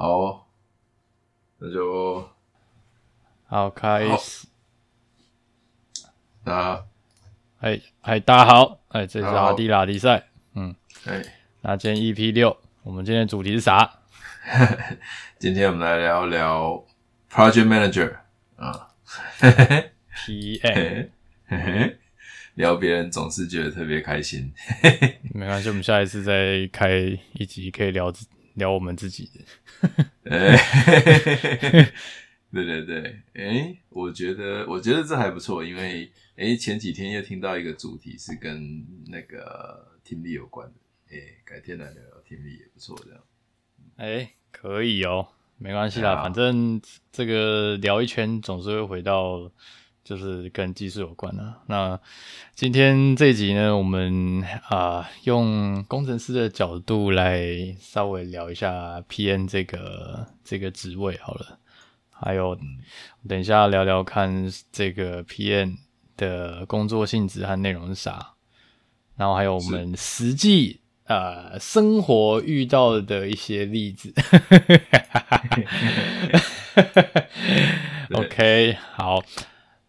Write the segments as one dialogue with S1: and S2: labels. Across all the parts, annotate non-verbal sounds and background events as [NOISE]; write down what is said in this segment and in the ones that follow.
S1: 好、哦，那就，好開始，大家，哎，大家好，哎，這是阿迪拉迪賽，好好嗯，哎嘿，那今天 EP 六，我們今天的主題是啥？ [LAUGHS] 今天我們來聊聊 Project Manager 啊、嗯、 [LAUGHS] ，PM，嘿嘿 [LAUGHS] 聊別人總是覺得特別開心，嘿 [LAUGHS] 嘿沒關係，我們下一次再開一集可以聊。聊我們自己的對，哎， [LAUGHS] 對對對，哎、欸，我覺得我
S2: 覺得這還不錯，因為哎、欸、前幾天又聽到一個主題是跟那個聽力有關的，欸、改天來聊聊聽力也不錯，這樣，
S1: 哎、欸，可以哦，沒關係啦，好反正這個聊一圈總是會回到。就是跟技術有關的、啊。那今天這集呢，我們啊、呃、用工程師的角度來稍微聊一下 PM 這個這個職位好了。還有，等一下聊聊看這個 PM 的工作性質和內容是啥。然後還有我們實際是呃生活遇到的一些例子。 [LAUGHS] [LAUGHS] [LAUGHS] OK，好。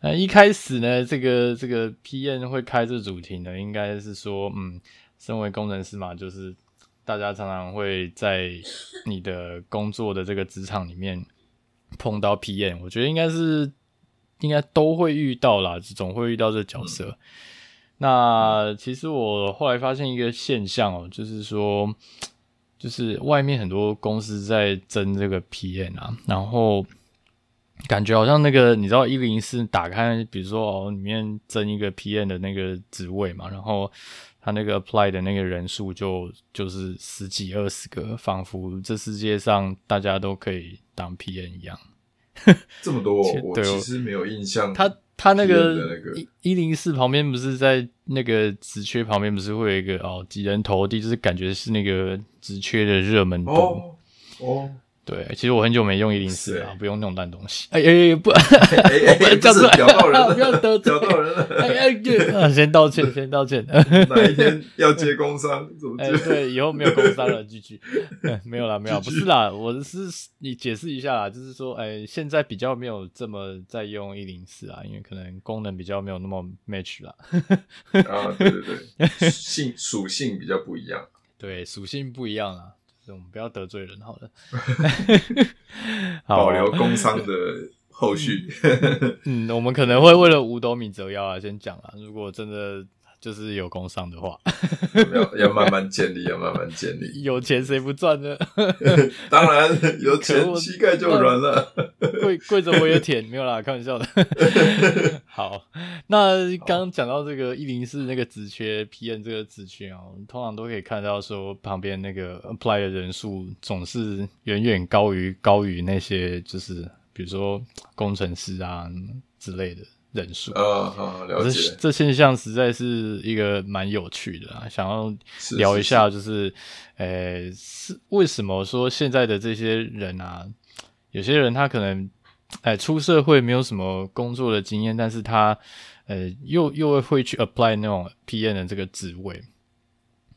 S1: 那一開始呢，這個這個 PM 會開這個主題呢，應該是說，嗯，身為工程師嘛，就是大家常常會在你的工作的這個職場裡面碰到 PM，我覺得應該是應該都會遇到啦，總會遇到這個角色。那其實我後來發現一個現象哦，就是說，就是外面很多公司在徵這個 PM 啊，然後。感覺好像那個你知道一零四打開，比如說哦，裡面增一個 PM 的那個職位嘛，然後他那個 apply 的那個人數就就是十幾二十個，仿佛這世界上大家都可以當 PM 一樣。這麼多，我其實沒有印象。 [LAUGHS] 哦、他他那個一零四旁邊不是在那個職缺旁邊不是會有一個哦幾人投遞，就是感覺是那個職缺的熱門哦哦。哦對，其實我很久沒用一零四了，不用那種爛東西。哎，哎，不，哎，哎，不要得罪人，不要得罪人。了。哎哎，先道歉，先道歉。哪一天要接工商？哎，對，以後沒有工商了，繼續。沒有啦，沒有，不是啦，我是你解釋一下啦，就是說，哎，現在比較沒有這麼在用一零四啦，因為可能功能比較沒有那麼 match 啦。啊，對對，性屬性比較不一樣。對，屬性不一樣啦。我們不要得罪人好了，
S2: 保留工傷的後續。嗯，我
S1: 們可能會為了五斗米折腰啊，先講啦，如果真的。就是有工傷的話，要 [LAUGHS] 要慢慢建立，要慢慢建立。 [LAUGHS] 有錢誰不賺呢？ [LAUGHS] [LAUGHS] 當然，有錢膝蓋就軟了。跪跪着，我也舔沒有啦，開玩笑的。 [LAUGHS] 好，那剛剛講到這個一零四那個職缺好 PM 這個職缺啊、喔，通常都可以看到說旁邊那個 apply 的人數總是遠遠高於高於那些就是比如說工程師啊之類的。人數啊啊，uh, uh, 了解。這這現象實在是一個蠻有趣的啊，想要聊一下，就是，是是是呃，是為什麼說現在的這些人啊，有些人他可能，哎、呃，出社會沒有什麼工作的經驗，但是他，呃，又又會去 apply 那種 PM 的這個職位，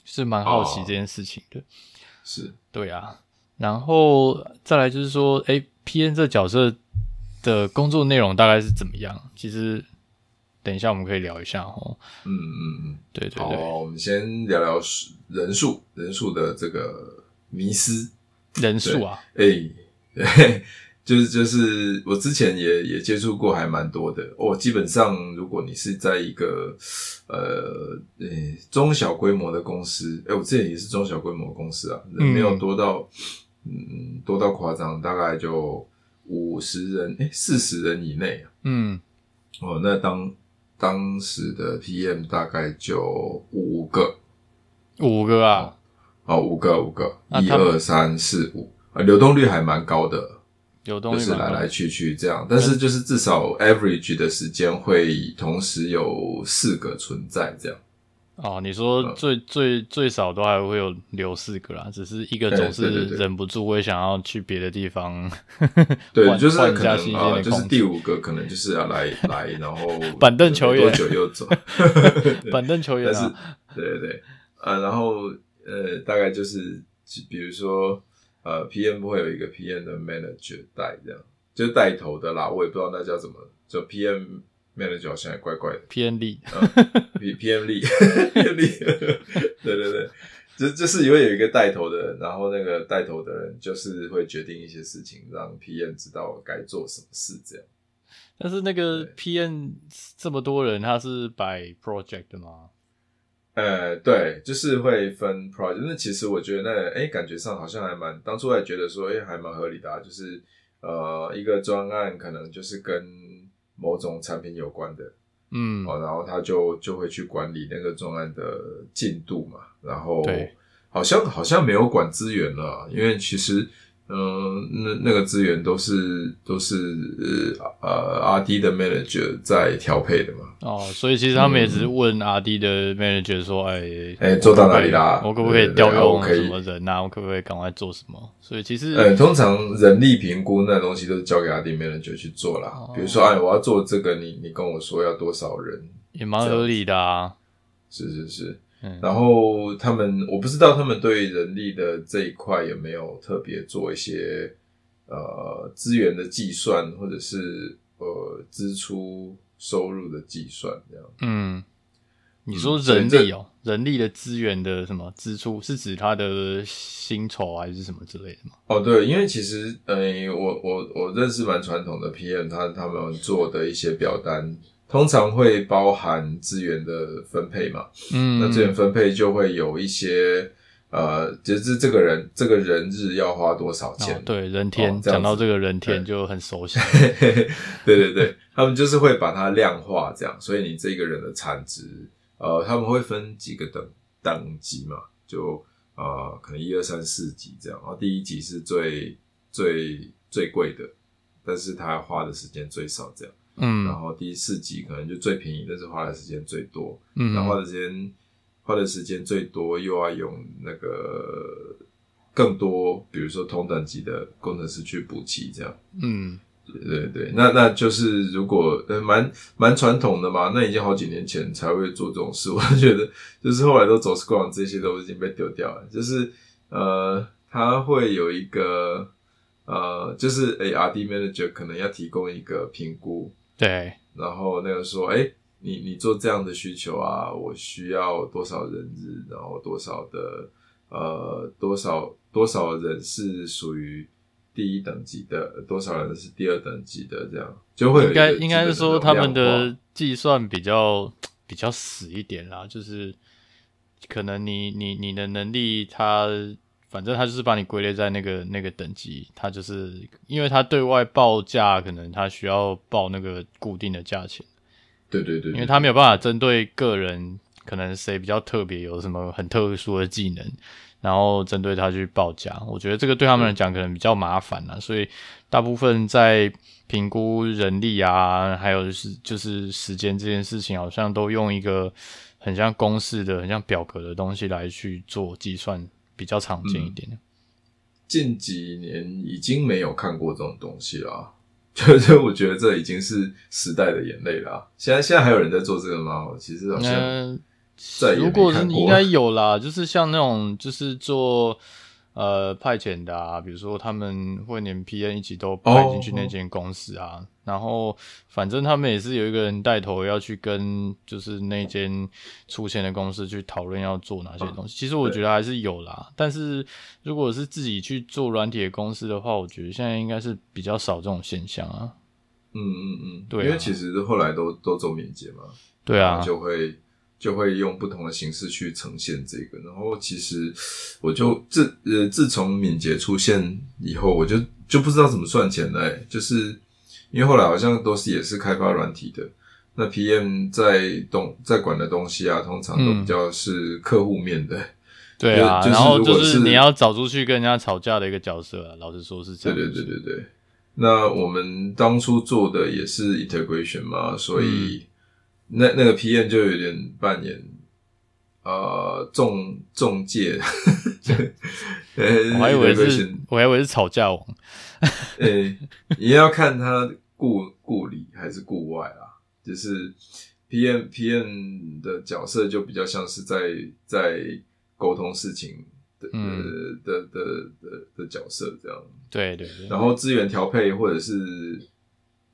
S1: 是蠻好奇這件事情的。Oh. 是，對啊。然後再來就是說，哎 PM 這個角色，的工作內容大概是怎麼樣？其實，等一下我們可以聊一下哦、嗯。嗯嗯嗯，對，對對。
S2: 好，我們先聊聊人數，人數的這個迷思。人數啊？誒、欸欸，就是就是，我之前也也接觸過，還蠻多的。哦，基本上如果你是在一個呃誒、欸、中小規模的公司，誒、欸，我之前也是中小規模的公司啊，人沒有多到嗯，嗯多到誇張，大概就。五十人，哎，四十人以內，啊。
S3: 嗯，
S2: 哦，那當當時的 PM 大概就五個，
S1: 五個啊
S2: 哦，哦，五個，五個，一二三四五，呃、啊，流動率還蠻高的，流動率就是來來去去這樣，但是就是至少 average 的時間會同時有四個存在這樣。
S1: 哦，你說最最最少都還會有留四個啦，只是一個總是忍不住會想要去別的地方。對，就是可能新鮮、啊、就是第五個可能就是要、啊、來來，然後 [LAUGHS] 板凳球員多久又走？ [LAUGHS] 對 [LAUGHS] 板凳球員、啊、是對對
S2: 對，呃，然後呃，大概就是比如說呃，PM 不會有一個 PM 的 manager 帶這樣，就帶頭的啦，我也不知道那叫什麼，就 PM。Manager 現在怪怪的。PM 力，哈哈、嗯、PM 力，PM 力對對對，就就是因為有一個帶頭的人，然後那個帶頭的人就是會決定一些事情，讓 PM 知道該做什麼事這樣。
S1: 但是那個 PM 這麼多人，他是 by project 的嗎？
S2: 呃，對，就是會分 project。那其實我覺得、那個，那哎，感覺上好像還蠻，當初還覺得說，哎，還蠻合理的，啊，就是呃，一個專案可能就是跟。某種產品有關的，嗯，哦，然後他就就會去管理那個專案的進度嘛，然後好像對好像沒有管資源了，因為其實。嗯，那那個資源都是都是呃啊、RD 的 manager 在調配的嘛？哦，所
S1: 以其實他們也只是問 RD 的 manager 說：“哎哎，做到哪裡啦？我可不可以調用什麼人啊？我可不可以趕快做什麼？”所以其實呃、欸，通常人
S2: 力評估那東西都是交給 RD manager 去做啦。哦、比如說，哎，我要做這個，你你跟我說要多少人，
S1: 也蠻合理的啊。是是是。是是嗯，然後
S2: 他們，我不知道他們對人力的這一塊有沒有特別做一些呃資源的計算，或者是呃支出
S1: 收入的計算這樣。嗯，你說人力哦，人力的資源的什麼支出，是指他的薪酬還是什麼之類的嗎？哦，對，因為其實
S2: 誒，呃，我我我認識蠻傳統的 PM，他他們做的一些表單。通常會包含資源的分配嘛，嗯，那資源分配就會有一些，嗯、呃，就是這個人這個人日要花多少錢，哦、對，
S1: 人天，哦、講到這個人天就很熟悉，嘿嘿
S2: 嘿， [LAUGHS] 對對對， [LAUGHS] 他們就是會把它量化這樣，所以你這個人的產值，呃，他們會分幾個等等級嘛，就呃可能一二三四級這樣，然後第一級是最最最貴的，但是他花的時間最少這樣。嗯，然後第四級可能就最便宜，但是花的時間最多。嗯，然後花的時間花的時間最多，又要用那個更多，比如說同等級的工程師去補齊這樣。嗯，對對對，那那就是如果呃，蠻蠻，蠻傳統的嘛，那已經好幾年前才會做這種事。我覺得就是後來都走 Scrum，過往這些都已經被丟掉了，就是呃，他會有一個呃，就是 A R D manager 可能要提供一個評估。對，然後那個說，哎，你你做這樣的需求啊，我需要多少人日，然後多少的呃，多少多少人是屬於第一等級的，多少人是第二等級的，這樣就會應該應該是說他們的
S1: 計算比較比較死一點啦，就是可能你你你的能力他。反正他就是把你歸類在那個那個等級，他就是因為他對外報價，可能他需要報那個固定的價錢。對，對對對，因為他沒有辦法針對個人，可能誰比較特別，有什麼很特殊的技能，然後針對他去報價。我覺得這個對他們來講可能比較麻煩啦，嗯、所以大部分在評估人力啊，還有就是就是時間這件事情，好像都用一個很像公式的、的很像表格的東西來去做計算。比較常見一點、嗯、近幾年已經
S2: 沒有看過這種東西了、啊，就是我覺得這已經是時代的眼淚了、啊。現在現在還有人在做這個嗎？其實好像、呃、如果是應該
S1: 有啦，就是像那種就是做呃派遣的、啊，比如說他們會連 PM 一起都派進去那間公司啊。哦哦然後，反正他們也是有一個人帶頭要去跟，就是那間出錢的公司去討論要做哪些東西。其實我覺得還是有啦，但是如果是自己去做軟體的公司的話，我覺得現在應該是比較少這種現象啊嗯。嗯
S2: 嗯嗯，對啊，因為其實後來都都走敏捷嘛，對啊，就會就會用不同的形式去呈現這個。然後其實我就自呃自從敏捷出現以後，我就就不知道怎麼算錢嘞，就是。因為後來好像都是也是開發軟體的，那 PM 在東在管的東西啊，通常都比較是客戶面的，嗯、就對啊，然後就是你
S1: 要找出去跟人家吵架的一個角色啊，老實說是這樣。對對對對對。
S2: 那我們當初做的也是 integration 嘛，嗯、所以那那個 PM 就有點扮演呃中中介， [LAUGHS] 我還以為是， [NOISE] 我還
S1: 以為是吵架王。
S2: 誒、 [LAUGHS] 欸，你要看他顧顧裡還是顧外啦、啊。就是 P M P M 的角色就比較像是在在溝通事情的、嗯、的的的的角色這樣。對，對對。然後資源調配或者是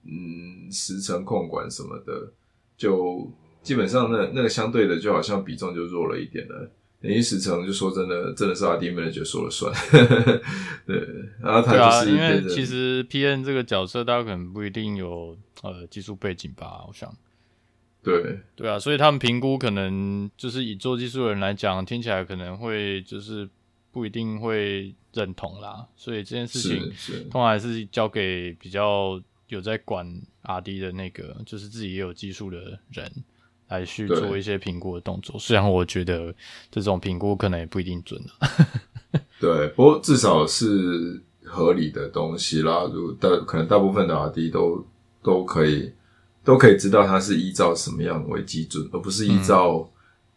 S2: 嗯，時程控管什麼的，就基本上那個、那個相對的就好像比重就弱了一點了。等於時程就說真的，真的是 RD 們就說了算。呵呵對，然、啊、後他就是對、啊、因為其實
S1: PM 這個角色，大家可能不一定有呃技術背景吧，我想。對對啊，所以他們評估可能就是以做技術的人來講，聽起來可能會就是不一定會認同啦。所以這件事情通常還是交給比較有在管 RD 的那個，就是自己也有技術的人，來去做一些評估的動作，對雖然我覺得這種評估可能也不一定準了。對， [LAUGHS] 不過至少是合理的東
S2: 西啦。如大可能大部分的 RD 都都可以都可以知道它是依照什麼樣為基準，而不是依照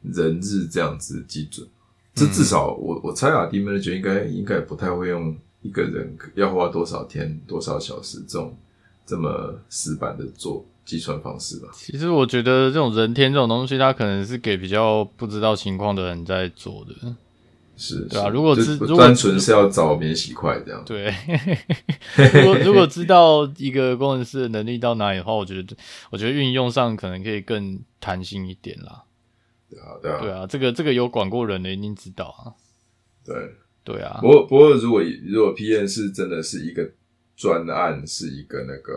S2: 人日這樣子基準。嗯、這至少我我猜 RD manager 應該應該不太會用一個人要花多少天多少小時這種這麼死板的做。計算方式吧。其
S1: 實我覺得這種人天這種東西，他可能是給比較不知道情況的人在做的，是，是，對啊。如果只不果單純是要找免洗筷這樣，對呵呵呵。如果如果知道一個工程師的能力到哪裡的話，我覺得我覺得運用上可能可以更彈性一點啦。對啊，對啊，對啊。這個這個有管過人的一定知道啊。對，對啊。不
S2: 過不過如果如果 PM 是真的是一個專案，是一個那個。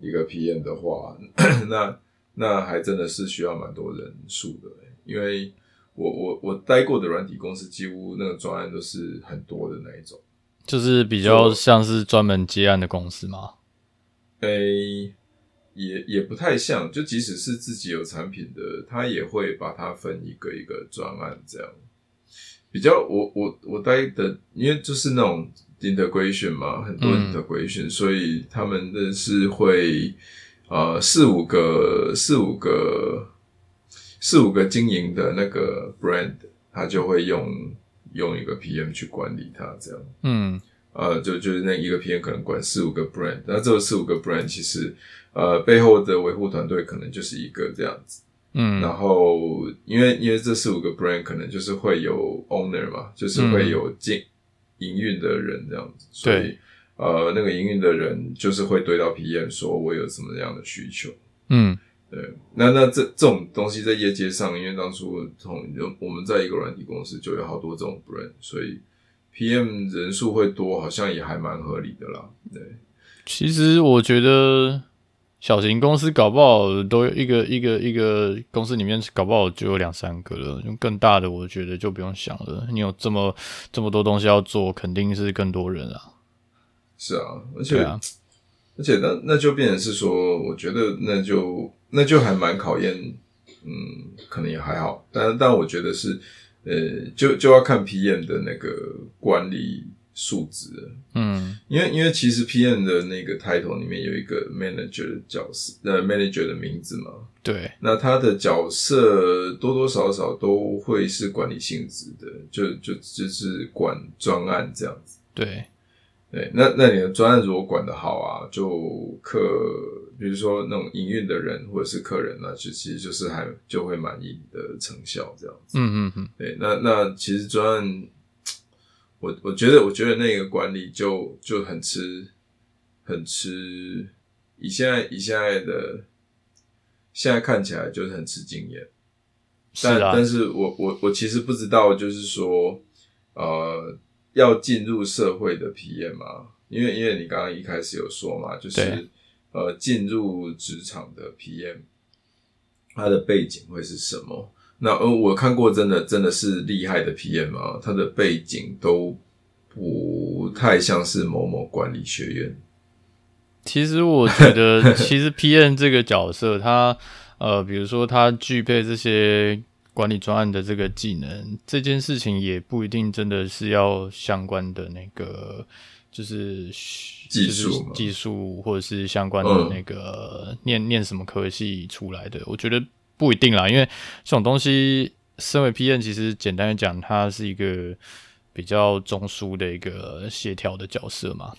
S2: 一個 PM 的話， [COUGHS] 那那還真的是需要蠻多人數的，欸，因為我我我待過的軟體公司幾乎那個專案都是很多的那一種，
S1: 就是比較像是專門接案的公司嗎？
S2: 哎、欸，也也不太像，就即使是自己有產品的，他也會把它分一個一個專案這樣，比較我我我待的，因為就是那種。integration 嘛，很多 integration，、嗯、所以他們的是會，呃，四五個、四五個、四五個經營的那個 brand，他就會用用一個 PM 去管理他。這樣，嗯，呃，就就是那個一個 PM 可能管四五個 brand，那這四五個 brand 其實，呃，背後的維護團隊可能就是一個這樣子，嗯，然後因為因為這四五個 brand 可能就是會有 owner 嘛，就是會有進。嗯營運的人這樣子，所以對呃，那個營運的人就是會對到 PM 說，我有什麼樣的需求，嗯，對，那那這這種東西在業界上，因為當初從我們在一個軟體公司就有好多這種 brand，所以 PM 人數會多，好像也還蠻合理的啦。對，
S1: 其實我覺得。小型公司搞不好都有一個一個一個公司裡面搞不好就有兩三個了，用更大的我覺得就不用想了。你有這麼這麼多東西要做，肯定是更多人啊。
S2: 是啊，而且，啊、而且那那就變成是說，我覺得那就那就還蠻考驗，嗯，可能也還好，但但我覺得是，呃，就就要看 PM 的那個管理。數值，嗯，因為因為其實 PM 的那個抬頭裡面有一個 manager 的角色，呃，manager 的名字嘛，對，那他的角色多多少少都會是管理性質的，就就就是管專案這樣子，對，對，那那你的專案如果管得好啊，就客，比如說那種營運的人或者是客人那、啊、就其實就是還就會滿意你的成效這樣子，嗯嗯嗯，對，那那其實專案。我我覺得，我覺得那個管理就就很吃，很吃以現在以現在的現在看起來就是很吃經驗，啊。
S1: 但但
S2: 是我我我其實不知道，就是說呃要進入社會的 PM 啊，因為因為你剛剛一開始有說嘛，就是對呃進入職場的 PM，它的背景會是什麼？那呃、嗯，我看過真，真的真的是厲害的 PM 啊，他的背景都不太像是某某
S1: 管理學院。其實我覺得， [LAUGHS] 其實 PM 這個角色，他呃，比如說他具備這些管理專案的這個技能，這件事情也不一定真的是要相關的那個就是技術技術，或者是相關的那個念、嗯、念什麼科系出來的，我覺得。不一定啦，因為這種東西，身為 PM，其實簡單講，它是一個比較中樞的一個協調的角色嘛。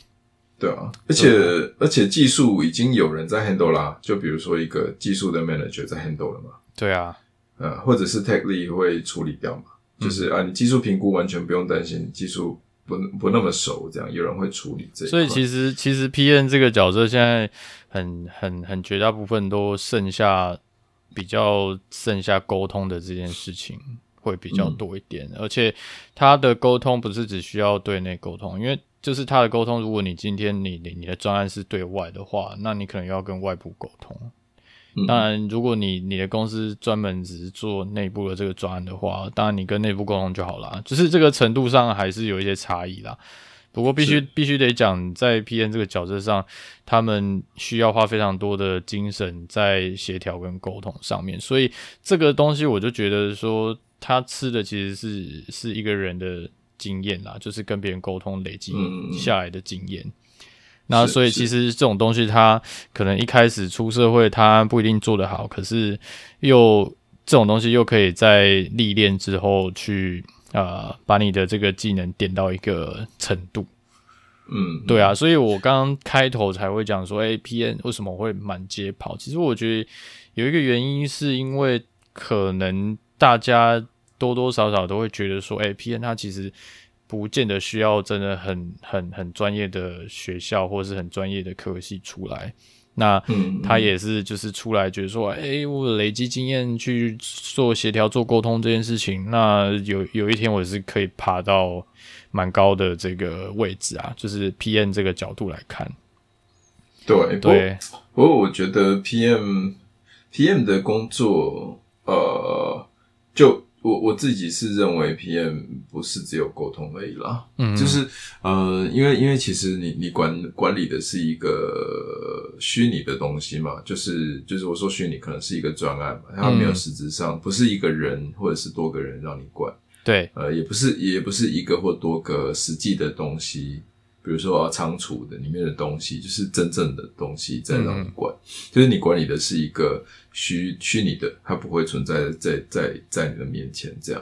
S2: 對啊，而且吧而且技術已經有人在 handle 啦，就比如說一個技術的 manager 在 handle 了嘛。對啊，呃，或者是 Tech Lead 會處理掉嘛，就是、嗯、啊，你技術評估完全不用擔心，技術不不那麼熟，這樣有人會處理這個。所以其實
S1: 其實 PM 這個角色現在很很很絕大部分都剩下、嗯。比較剩下溝通的這件事情會比較多一點，而且他的溝通不是只需要對內溝通，因為就是他的溝通，如果你今天你你你的專案是對外的話，那你可能要跟外部溝通。當然，如果你你的公司專門只是做內部的這個專案的話，當然你跟內部溝通就好了。就是這個程度上還是有一些差異啦。不過必須是必須得講，在 PM 這個角色上，他們需要花非常多的精神在協調跟溝通上面，所以這個東西我就覺得說，他吃的其實是是一個人的經驗啦，就是跟別人溝通累積下來的經驗。嗯、那所以其實這種東西，他可能一開始出社會他不一定做得好，可是又這種東西又可以在歷練之後去。呃，把你的這個技能點到一個程度，嗯，對啊，所以我剛剛開頭才會講說，哎，PM 為什麼會滿街跑？其實我覺得有一個原因，是因為可能大家多多少少都會覺得說，哎，PM 它其實不見得需要真的很很很專業的學校，或是很專業的科系出來。那、嗯、他也是，就是出來覺得說，哎，我累積經驗去做協調、做溝通這件事情。那有有一天，我是可以爬到蠻高的這個位置啊，就是 PM 這個角度來看。對對，
S2: 不過對我，我覺得 PM PM 的工作，呃，就。我我自己是認為 PM 不是只有溝通而已啦，嗯，嗯，就是呃，因為因為其實你你管管理的是一個虛擬的東西嘛，就是就是我說虛擬可能是一個專案嘛，它沒有實質上，嗯，不是一個人或者是多個人讓你管，對，呃，也不是也不是一個或多個實際的東西。比如說要倉儲的裡面的東西，就是真正的東西在讓你管，嗯、就是你管理的是一個虛虛擬的，它不會存在在在在你的面前這樣。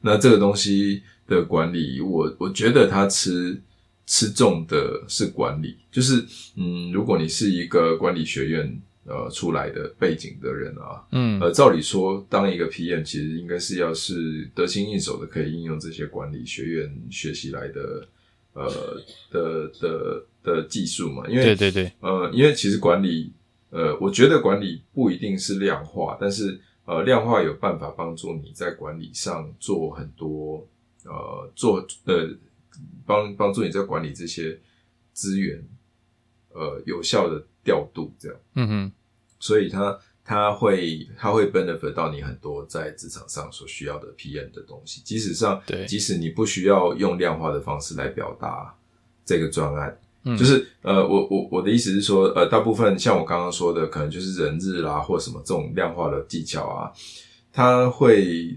S2: 那這個東西的管理，我我覺得它吃吃重的是管理，就是嗯，如果你是一個管理學院呃出來的背景的人啊，嗯，呃，照理說，當一個 PM 其實應該是要是得心應手的，可以應用這些管理學院學習來的。呃的的的技術嘛，因為對對對，呃，因為其實管理，呃，我覺得管理不一定是量化，但是呃，量化有辦法幫助你在管理上做很多，呃，做呃，幫幫助你在管理這些資源，呃，有效的調度這樣，嗯哼，所以它。他會他會 benefit 到你很多在職場上所需要的 PM 的東西，即使上，對即使你不需要用量化的方式來表達這個專案，嗯、就是呃，我我我的意思是說，呃，大部分像我剛剛說的，可能就是人日啦、啊、或什麼這種量化的技巧啊，它會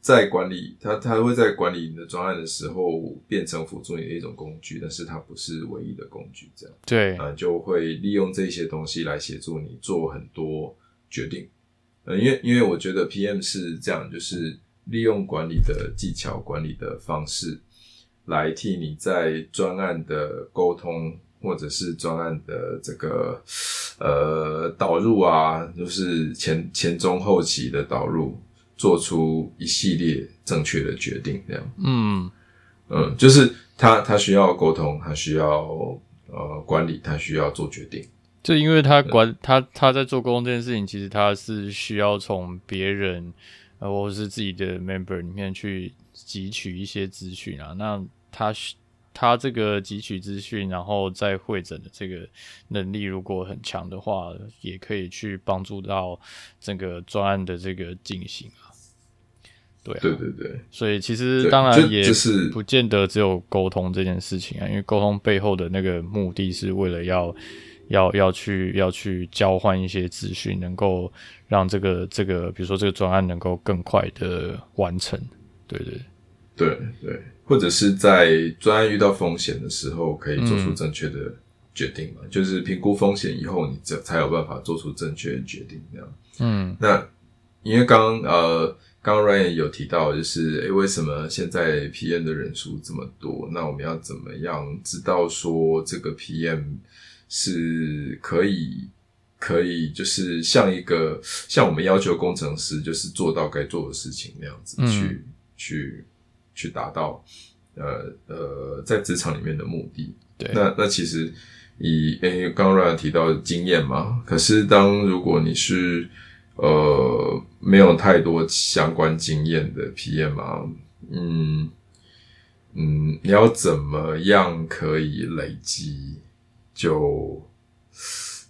S2: 在管理他他會在管理你的專案的時候變成輔助你的一種工具，但是它不是唯一的工具，這樣對，啊、呃，就會利用這些東西來協助你做很多。決定，呃，因為因為我覺得 PM 是這樣，就是利用管理的技巧、管理的方式，來替你在專案的溝通或者是專案的這個呃導入啊，就是前前中後期的導入，做出一系列正確的決定，這樣，嗯嗯，就是他他需要溝通，他需要呃管理，他需要做決定。
S1: 就因為他管他，他在做溝通這件事情，其實他是需要從別人，呃，或是自己的 member 裡面去汲取一些資訊啊。那他他這個汲取資訊，然後再彙整的這個能力，如果很強的話，也可以去幫助到整個專案的這個進行啊。對啊，對對對，所以其實當然也是不見得只有溝通這件事情啊，因為溝通背後的那個目的是為了要。要要去要去交換一些資訊，能夠讓這個這個，比如說這個專案能夠更快的完成，對不對？對對，或者是
S2: 在專案遇到風險的時候，可以做出正確的決定嘛？嗯、就是評估風險以後，你才有辦法做出正確的決定，那樣。嗯，那因為剛呃，剛剛 Ryan 有提到，就是誒、欸、為什麼現在 PM 的人數這麼多？那我們要怎麼樣知道說這個 PM？是可以，可以，就是像一個像我們要求工程師，就是做到該做的事情那樣子、嗯、去去去達到呃呃在職場裡面的目的。對，那那其實以因為剛，剛剛提到的經驗嘛，可是當如果你是呃沒有太多相關經驗的 PM，嗯、啊、嗯，你、嗯、要怎麼樣可以累積？就，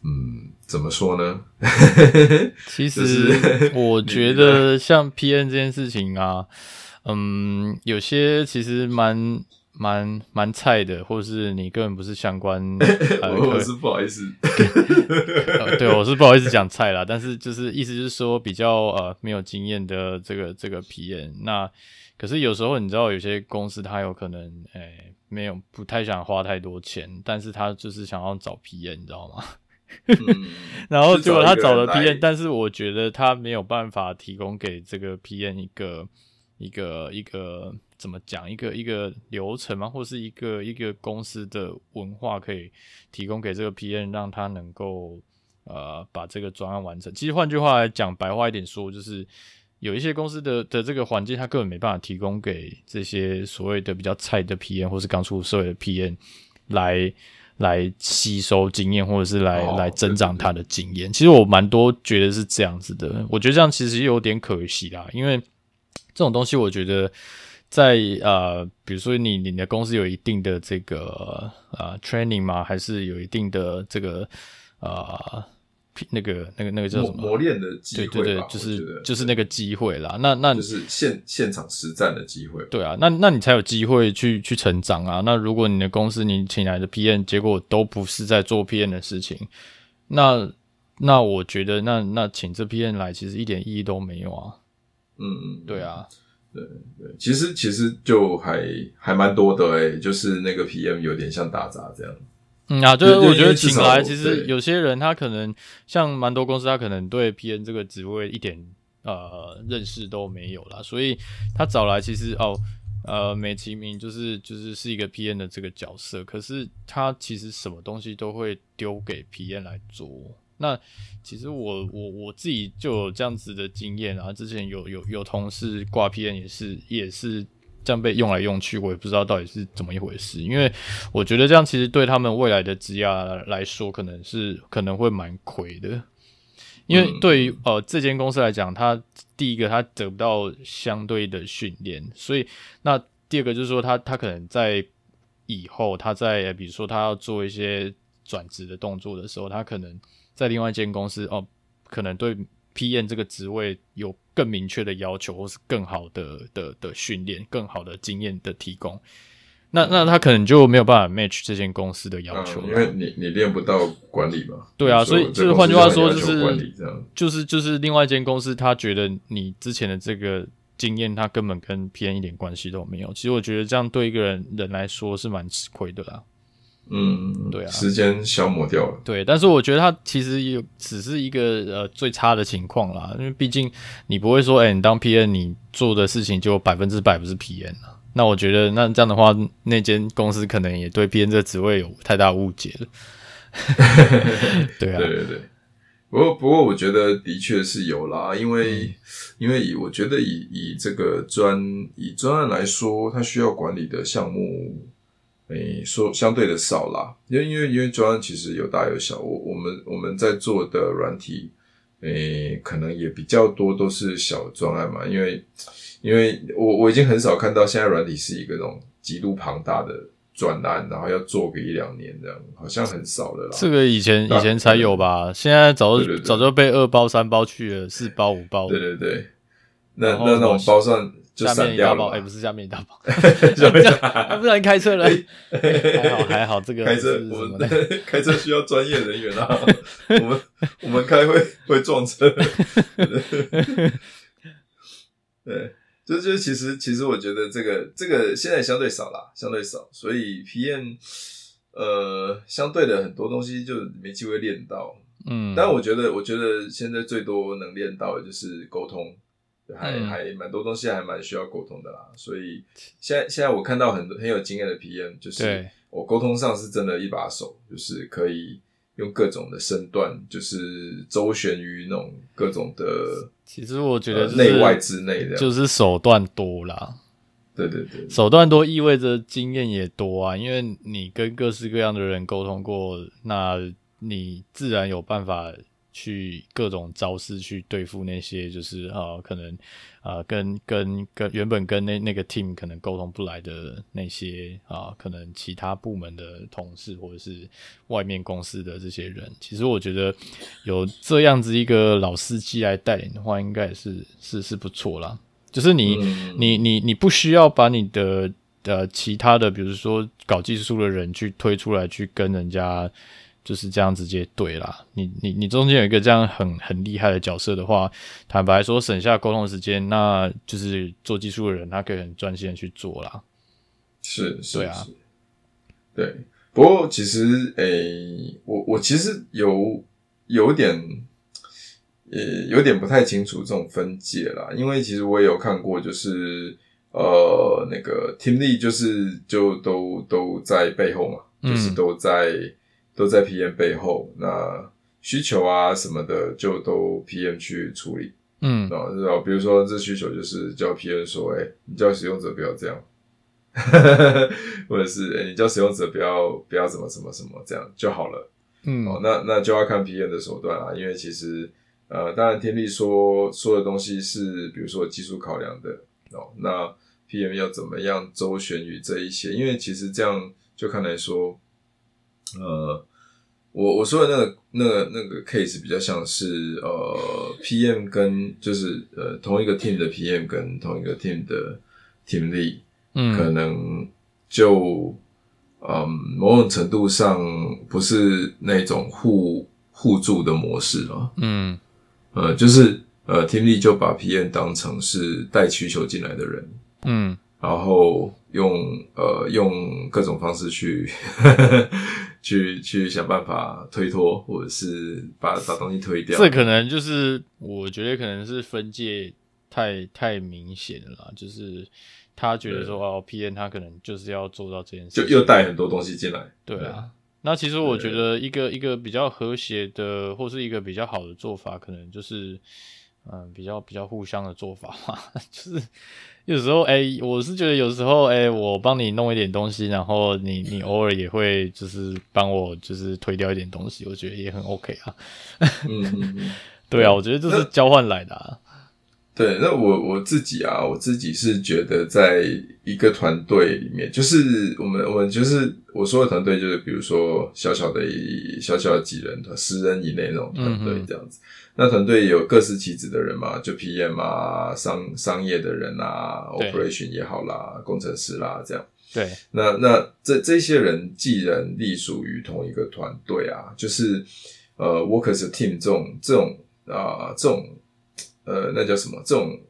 S2: 嗯，怎麼說呢？ [LAUGHS] 其實我覺得
S1: 像 PM 這件事情啊，嗯，有些其實蠻蠻蠻菜的，或是你根本不是相關， [LAUGHS] 我是不好意思， [LAUGHS] 對，我是不好意思講菜啦，但是就是意思就是說比較呃沒有經驗的這個這個 PM 那。可是有時候你知道，有些公司他有可能誒、欸、沒有不太想花太多錢，但是他就是想要找 PM，你知道嗎？嗯、 [LAUGHS] 然後結果他找了 PM，來但是我覺得他沒有辦法提供給這個 PM 一個一個一個怎麼講一個一個流程嗎？或是一個一個公司的文化可以提供給這個 PM，讓他能夠呃把這個專案完成。其實換句話來講，白話一點說，就是。有一些公司的的這個環境，他根本沒辦法提供給這些所謂的比較菜的 PM，或是剛出社會的 PM 來來吸收經驗，或者是來來增長他的經驗。其實我蠻多覺得是這樣子的，我覺得這樣其實有點可惜啦。因為這種東西，我覺得在呃，比如說你你的公司有一定的這個呃 training 嘛，還是有一定的這個啊。呃那個、那個、那個叫什麼？磨練的機會。對，對，對，就是就是那個機會啦。對那那就是現現場實戰的機會。對啊，那那你才有機會去去成長啊。那如果你的公司你請來的 PM 結果都不是在做 PM 的事情，那那我覺得那那請這 PM 來其實一點意義都沒有啊。嗯嗯，對啊，對對，其實其
S2: 實就還還蠻多的哎、欸，就是那個 PM 有點像打雜這樣。嗯啊，就是我覺得請來其實
S1: 有些人他可能像蠻多公司，他可能對 PM 這個職位一點呃認識都沒有啦，所以他找來其實哦呃美其名，就是就是是一個 PM 的這個角色，可是他其實什麼東西都會丟給 PM 來做。那其實我我我自己就有這樣子的經驗啊，之前有有有同事掛 PM 也是也是。也是這樣被用來用去，我也不知道到底是怎麼一回事。因為我覺得這樣其實對他們未來的職業來說可，可能是可能會蠻虧的。因為對於、嗯、呃這間公司來講，他第一個他得不到相對的訓練，所以那第二個就是說，他他可能在以後，他在、呃、比如說他要做一些轉職的動作的時候，他可能在另外一間公司哦、呃，可能對 PM 這個職位有。更明確的要求，或是更好的的的訓練，更好的經驗的提供，那那他可能就沒有辦法 match 這間公司的要求了啊，因為你你練不到管理嘛。對啊，所以就是換句話說就是就是就是另外一間公司，他覺得你之前的這個經驗，他根本跟 PM 一點關係都沒有。其實我覺得這樣對一個人人來說是蠻吃虧的啦。嗯，對啊，時間消磨掉了。對，但是我覺得他其實也只是一個呃最差的情況啦，因為畢竟你不會說，誒、欸、你當 PM 你做的事情就百分之百不是 PM 那我覺得那這樣的話，那間公司可能也對 PM 這職位有太大誤解了。 [LAUGHS] 對啊， [LAUGHS] 對對對。
S2: 不過不過，我覺得的確是有啦，因為、嗯、因為以我覺得以以這個專以專案來說，它需要管理的項目誒、欸，說相對的少啦，因為因為因為專案其實有大有小，我我們我們在做的軟體，誒、欸，可能也比較多都是小專案嘛，因為因為我我已經很少看到現在軟體是一個那種極度龐大的專案，然後要做個一兩年這樣，好像很少了啦。這個以前但以前
S1: 才有吧，現在早就對對對對早就被二包三包去了，四包五包。對對對，那後那那種包上。嗯就下面一大包，哎、欸，不是下面一大包，要 [LAUGHS] [LAUGHS] 不然開車來還好還好，還好車這個開車我們的，
S2: 開車需要專業人員啊 [LAUGHS] 我們我們開會會撞車， [LAUGHS] [LAUGHS] 對，就就其實其實我覺得這個這個現在相對少了，相對少，所以 PM 呃，相對的很多東西就沒機會練到，嗯，但我覺得我覺得現在最多能練到的就是溝通。還還蠻多東西還蠻需要溝通的啦，嗯、所以現在現在我看到很多很有經驗的 PM，就是我溝通上是真的一把手，對就是可以用各種的身段，就是周旋於那種各種的，其實我覺得就是、呃、內外之內的就是
S1: 手段多啦，對對對，手段多意味着經驗也多啊，因為你跟各式各樣的人溝通過，那你自然有辦法。去各種招式去對付那些就是啊、呃，可能啊、呃，跟跟跟原本跟那那個 team 可能溝通不來的那些啊、呃，可能其他部門的同事或者是外面公司的這些人，其實我覺得有這樣子一個老司機來帶領的話應該也是是是不錯啦。就是你、嗯、你你你不需要把你的呃其他的，比如說搞技術的人去推出來去跟人家。就是這樣直接對啦！你你你中間有一個這樣很很厲害的角色的話，坦白說省下溝通時間，那就是做技術的人他可以很專心的去做啦。是，是對啊是
S2: 是，對。不過其實誒、欸，我我其實有有點，呃、欸，有點不太清楚這種分界啦，因為其實我也有看過、就是呃那個就是，就是呃那個 Team Lead 就是就都都在背後嘛，嗯、就是都在。都在 PM 背後，那需求啊什麼的就都 PM 去處理。嗯、哦，比如說這需求就是叫 PM 說，哎、欸，你叫使用者不要這樣。 [LAUGHS] 或者是哎、欸，你叫使用者不要不要怎麼怎麼怎麼這樣就好了，嗯，哦，那那就要看 PM 的手段啊，因為其實呃，當然天地說說的東西是比如說技術考量的哦，那 PM 要怎麼樣周旋於這一些，因為其實這樣就看來說，呃。我我說的那個、那個、那個 case 比較像是呃，PM 跟就是呃，同一個 team 的 PM 跟同一個 team 的 team lead，嗯，可能就嗯、呃，某種程度上不是那種互互助的模式啊，嗯，呃，就是呃，team lead 就把 PM 當成是帶需求進來的人，嗯，然後用呃用各種方式去。 [LAUGHS] 去去想辦法推脫，或者是把把東西推掉。這可能
S1: 就是我覺得可能是分界太太明顯了啦，就是他覺得說哦對、啊、，PM 他可能就是要做到這件事情，就又帶很多東西進來。對啊，對，那其實我覺得一個一個比較和諧的，或是一個比較好的做法，可能就是。嗯，比較比較互相的做法嘛，就是有時候欸，我是覺得有時候欸，我幫你弄一點東西，然後你你偶爾也會就是幫我就是推掉一點東西，我覺得也很 OK 啊。嗯， [LAUGHS] 對啊，我覺得這是交換來的啊。
S2: 對，那我我自己啊，我自己是覺得在一個團隊裡面，就是我們我們就是我說的團隊，就是比如說小小的一小小的幾人團，十人以內那種團隊這樣子。嗯、哼那團隊有各司其職的人嘛，就 PM 啊，商商業的人啊對，operation 也好啦，工程師啦，這樣。對。那那這這些人既然隸屬於同一個團隊啊，就是呃，workers team 這種這種啊這種。這種呃這種呃，那叫什麼？這種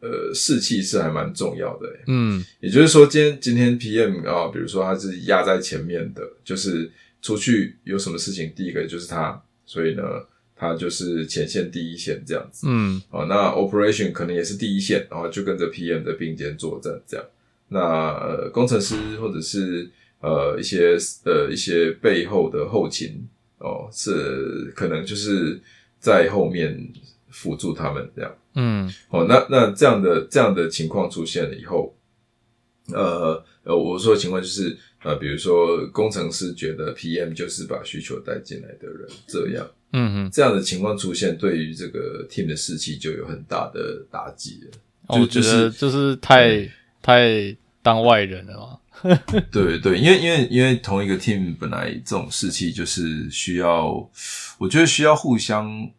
S2: 呃士氣是還蠻重要的。嗯，也就是說今，今天今天 PM 啊、哦，比如說他是壓在前面的，就是出去有什麼事情，第一個就是他，所以呢，他就是前線第一線這樣子。嗯，哦，那 Operation 可能也是第一線，然後就跟着 PM 的並肩作戰這樣。那、呃、工程師或者是呃一些呃一些背後的後勤哦，是可能就是在後面。輔助他們這樣，嗯，好、哦，那那這樣的這樣的情況出現了以後，呃呃，我說的情況就是，呃，比如說工程師覺得 PM 就是把需求帶進來的人，這樣，嗯哼，這樣的情況出現，對於這個
S1: team 的士氣就有很大的打擊了。就、就是，我覺得就是太、嗯、太當外人了嘛。 [LAUGHS] 對，
S2: 對對，因為因為因為同一個 team 本來這種士氣就是需要，我覺得需要互相。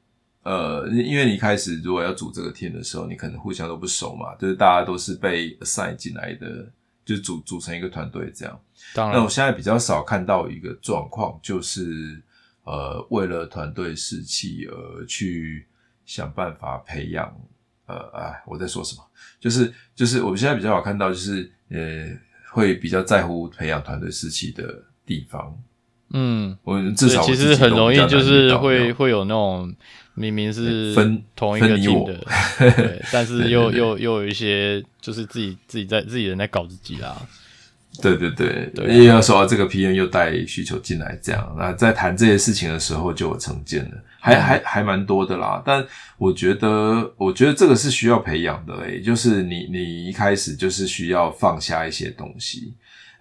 S2: 呃，因為你開始如果要組這個 team 的時候，你可能互相都不熟嘛，就是大家都是被 assign 進來的，就組組成一個團隊這樣。當然。那我現在比較少看到一個狀況，就是呃，為了團隊士氣而去想辦法培養。呃，哎，我在說什麼？就是就是，我們現在比較少看到，就是呃，會比較在乎培養團隊士氣的地方。嗯，
S1: 我至少我其實很容易就是會會有那種。明明是分同一個組的 [LAUGHS] 對，但是又又又有一些，就是自己自己在自己人在搞自己啦、
S2: 啊。對對對，又、啊、要說這個 PM 又帶需求進來，這樣那在談這些事情的時候就有成見了，嗯、還還還蠻多的啦。但我覺得，我覺得這個是需要培養的、欸，誒就是你你一開始就是需要
S1: 放下一些東西，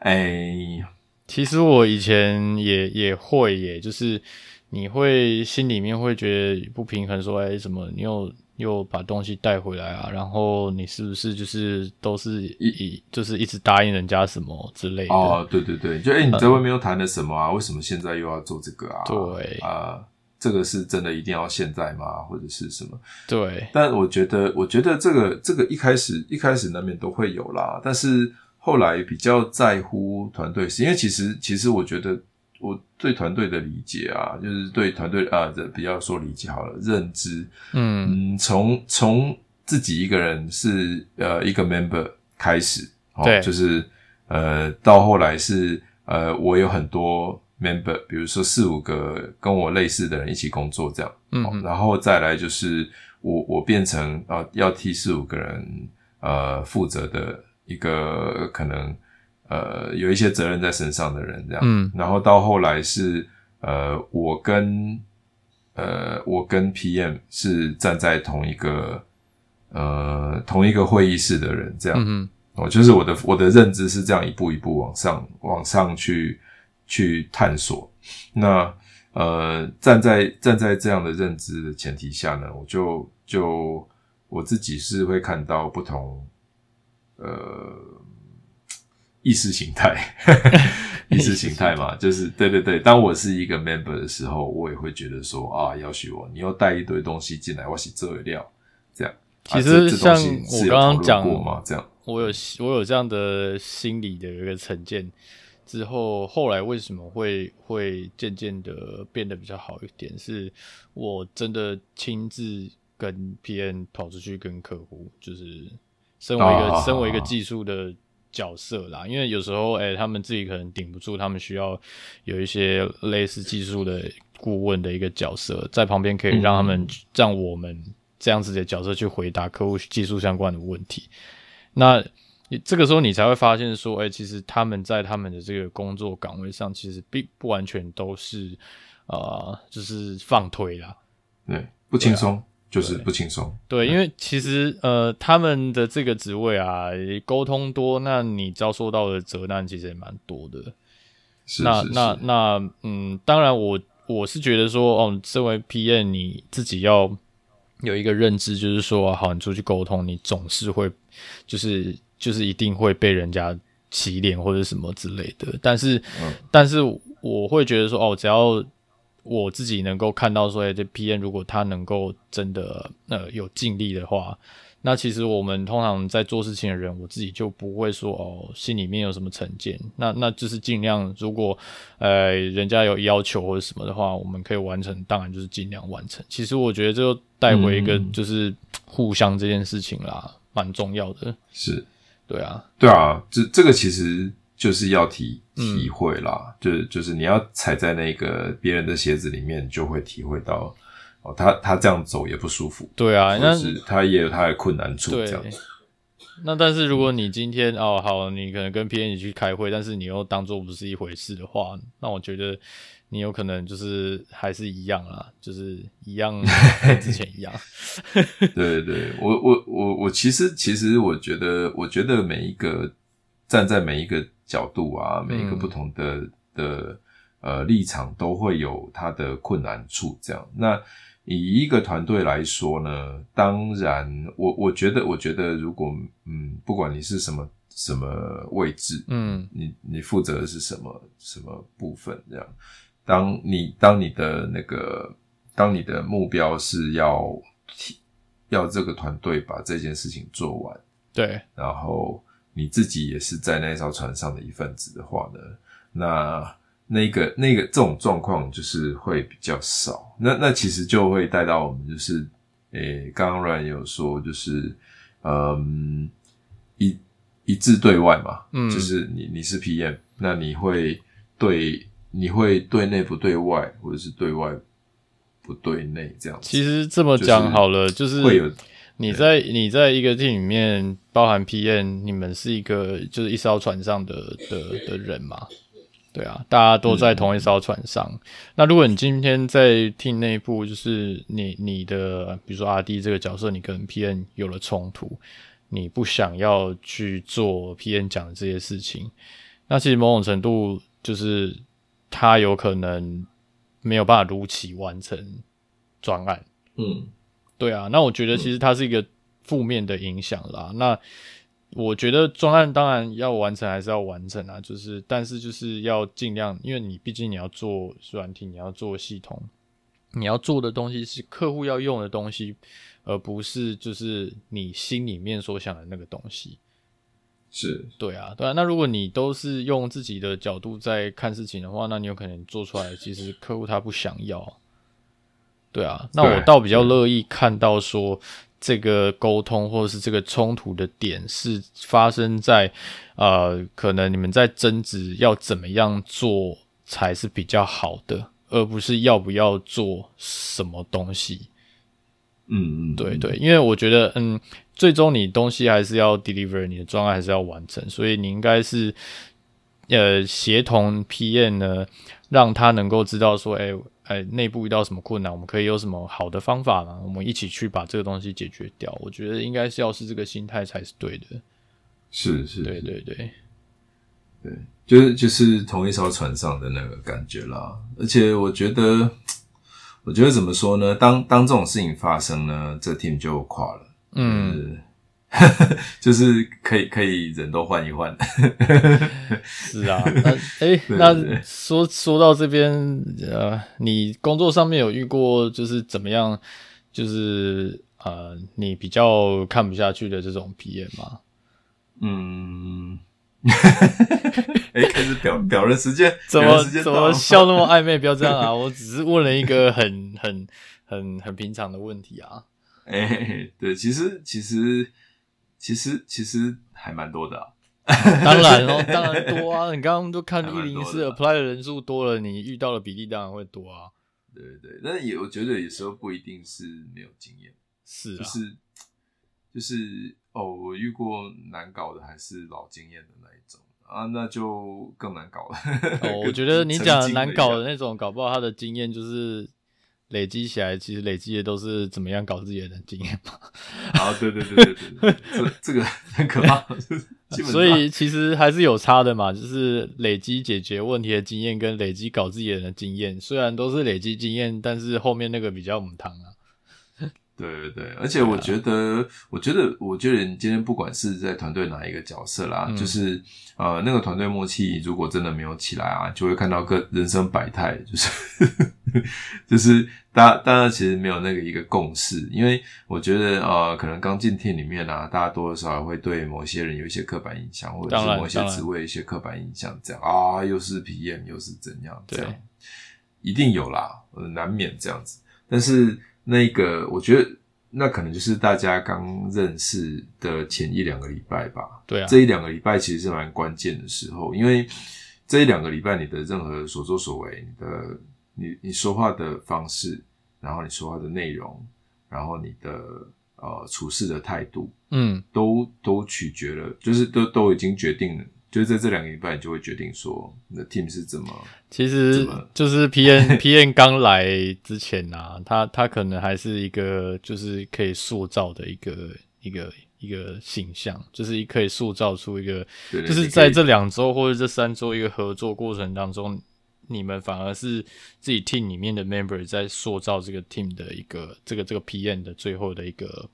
S1: 誒、欸、其實我以前也也會、欸，耶，就是。你會心裡面會覺得不平衡，說：“誒、哎、什麼？你又又把東西帶回來啊？然後你是不是就是都是一，就是一直答應人家什麼之類的？”哦，對對對，就誒、欸、你在外面又談了什麼啊？呃、為什麼現
S2: 在又要做這個啊？對，啊、呃，這個是真的一定要現在嗎？或者是什麼？
S1: 對，
S2: 但我覺得，我覺得這個這個一開始一開始難免都會有啦，但是後來比較在乎團隊是，是因為其實其實我覺得。我對團隊的理解啊，就是對團隊啊，這不要說理解好了，認知，嗯，嗯，從從自己一個人是呃一個 member 開始，對哦、就是呃到後來是呃我有很多 member，比如說四五個跟我類似的人一起工作這樣，嗯哼哦、然後再來就是我我變成啊、呃、要替四五個人呃負責的一個可能。呃，有一些責任在身上的人，這樣。嗯。然後到後來是，呃，我跟，呃，我跟 PM 是站在同一個，呃，同一個會議室的人，這樣。嗯哼。哦，就是我的我的認知是這樣一步一步往上往上去去探索。那呃，站在站在這樣的認知的前提下呢，我就就我自己是會看到不同，呃。意識形態， [LAUGHS] 意識形態嘛， [LAUGHS] 就是對對對。當我是一個 member 的時候，我也會覺得說啊，要許我，你又帶一堆東西進來，我是這料，這樣。其實、啊、像我剛剛講過嘛，這樣，
S1: 我有我有這樣的心理的一個成見之後，後來為什麼會會漸漸的變得比較好一點？是我真的親自跟 PM 跑出去跟客戶，就是身為一個、啊、身為一個技術的。角色啦，因為有時候哎、欸，他們自己可能頂不住，他們需要有一些類似技術的顧問的一個角色在旁邊，可以讓他們讓我們這樣子的角色去回答客戶技術相關的問題。那這個時候你才會發現說，哎、欸，其實他們在他們的這個工作崗位上，其實並不完全都是啊、呃，就是放推啦，
S2: 對，不輕鬆。就是不輕
S1: 鬆，對，嗯、對，因為其實呃，他們的這個職位啊，溝通多，那你遭受到的責難其實也蠻多的。是，那是
S2: 是那那
S1: 那，嗯，當然我我是覺得說，哦，身為 PM，你自己要有一個認知，就是說，好，你出去溝通，你總是會，就是就是一定會被人家洗臉或者什麼之類的。但是，嗯、但是我會覺得說，哦，只要。我自己能夠看到說，說、欸、哎，這 p n 如果他能夠真的呃有盡力的話，那其實我們通常在做事情的人，我自己就不會說哦，心裡面有什麼成見。那那就是盡量，如果呃人家有要求或者什麼的話，我們可以完成，當然就是盡量完成。其實我覺得就帶回一個就是互相這件事情啦，蠻、嗯、重要的。是，對啊，對
S2: 啊，這這個其實就是要提。體會啦，嗯、就是就是你要踩在那個別人的鞋子裡面，就會體會到哦，他他這樣走也不舒服。對啊，但者是那他也有他的困難處這樣子對。
S1: 那但是如果你今天哦好，你可能跟 PM 去開會，但是你又當做不是一回事的話，那我覺得你有可能就是還是一樣啦，就是一樣之前一樣。
S2: 對對，我我我我其實其實我覺得我覺得每一個。站在每一個角度啊，每一個不同的、嗯、的呃立場，都會有它的困難處。這樣，那以一個團隊來說呢，當然，我我覺得，我覺得，如果嗯，不管你是什麼什麼位置，嗯，你你負責的是什麼什麼部分，這樣，當你當你的那個，當你的目標是要要這個團隊把這件事情做完，對，然後。你自己也是在那艘船上的一份子的話呢，那那個那個這種狀況就是會比較少。那那其實就會帶到我們，就是誒，剛剛 Rain 也有說，就是嗯，一一致對外嘛，嗯，就是你你是 PM，那你會對你會對內不對外，或者是對外不對內這樣子。其實這麼講好了，就是，就是會有。
S1: 你在你在一個 team 裡面對包含 PM，你們是一個就是一艘船上的的的人嘛？對啊，大家都在同一艘船上。嗯、那如果你今天在 team 內部，就是你你的，比如說 RD 這個角色，你跟 PM 有了衝突，你不想要去做 PM 講的這些事情，那其實某種程度就是他有可能沒有辦法如期完成專案，嗯。對啊，那我覺得其實它是一個負面的影響啦。嗯。那我覺得專案當然要完成還是要完成啊，就是但是就是要盡量，因為你畢竟你要做軟體，你要做系統，你要做的東西是客戶要用的東西，而不是就是你心裡面所想的那個東西。是對啊，對啊。那如果你都是用自己的角度在看事情的話，那你有可能做出來，其實客戶他不想要。對啊，那我倒比較樂意看到說這個溝通或者是這個衝突的點是發生在呃，可能你們在爭執要怎麼樣做才是比較好的，而不是要不要做什麼東西。
S3: 嗯，
S1: 對，對對，因為我覺得嗯，最終你東西還是要 deliver，你的專案還是要完成，所以你應該是呃協同 PM 呢，讓他能夠知道說，欸在內部遇到什麼困難，我們可以有什麼好的方法呢？我們一起去把這個東西解決掉。我覺得應該是要是這個心態才是對的，是是，是對對對，對，
S2: 就是就是同一艘船上的那個感覺啦。而且我覺得，我覺得怎麼說呢？當當這種事情發生呢，這個、team 就垮了，嗯。就是 [LAUGHS] 就是可以可以人都換一換 [LAUGHS] ，
S1: 是啊，哎、欸，那說說到這邊，呃，你工作上面有遇過就是怎麼樣，就是呃，你比較看不下去的這種 PM 嗎？嗯，哎、 [LAUGHS] 欸，開始表表人時間，時間怎麼怎麼笑那麼曖昧？不要這樣啊！我只是問了一個很很很很平常的問題啊。哎、欸，
S2: 對，其實其實。其實其實還蠻多的、啊嗯，當然哦、喔，當然多啊。 [LAUGHS] 你剛剛都看一零四
S1: apply 的人數多了，你遇到的比例當然會多啊。對，對對，但也我覺得有
S2: 時候不一定是沒有經驗，是、啊、就是就是哦，我遇過難搞的，還是老經驗的那一種啊，那就更難搞了。哦，更 我覺得你講難，難搞的那種，
S1: 搞不好他的經驗就是。累積起來，其實累積的都是怎麼樣搞自己人的經驗嘛。好，對對對對對， [LAUGHS] 這個很可怕。 [LAUGHS] 所以其實還是有差的嘛，就是累積解決問題的經驗跟累積搞自己人的經驗，雖然都是累積經驗，但是後面那個比較們湯啊。對對對，而且我覺
S2: 得，啊、我覺得，我覺得你今天不管是在團隊哪一個角色啦，嗯、就是呃，那個團隊默契如果真的沒有起來啊，就會看到個人生百態，就是呵呵呵。 [LAUGHS] 就是大大家其實沒有那個一個共識，因為我覺得呃，可能剛進 team 裡面啊，大家多多少少會對某些人有一些刻板印象，然或者是某些職位然一些刻板印象，這樣啊，又是 PM，又是怎樣，對這樣，一定有啦，呃，難免這樣子，但是。嗯那個，我覺得那可能就是大家剛認識的前一兩個禮拜吧。對啊，這一兩個禮拜其實是蠻關鍵的時候，因為這一兩個禮拜你的任何所作所為，你的你你說話的方式，然後你說話的內容，然後你的呃處事的態度，嗯，都都取決了，就是都都已經決定了。就在這兩
S1: 個禮拜，你就會決定說你的 team 是怎麼，其實就是 PM PM 剛來之前啊，他他可能還是一個，就是可以塑造的一個一個一個形象，就是可以塑造出一個，了就是在這兩周或者這三周一個合作過程當中，你們反而是自己 team 裡面的 member 在塑造這個 team 的一個這個這個 PM 的最後的一個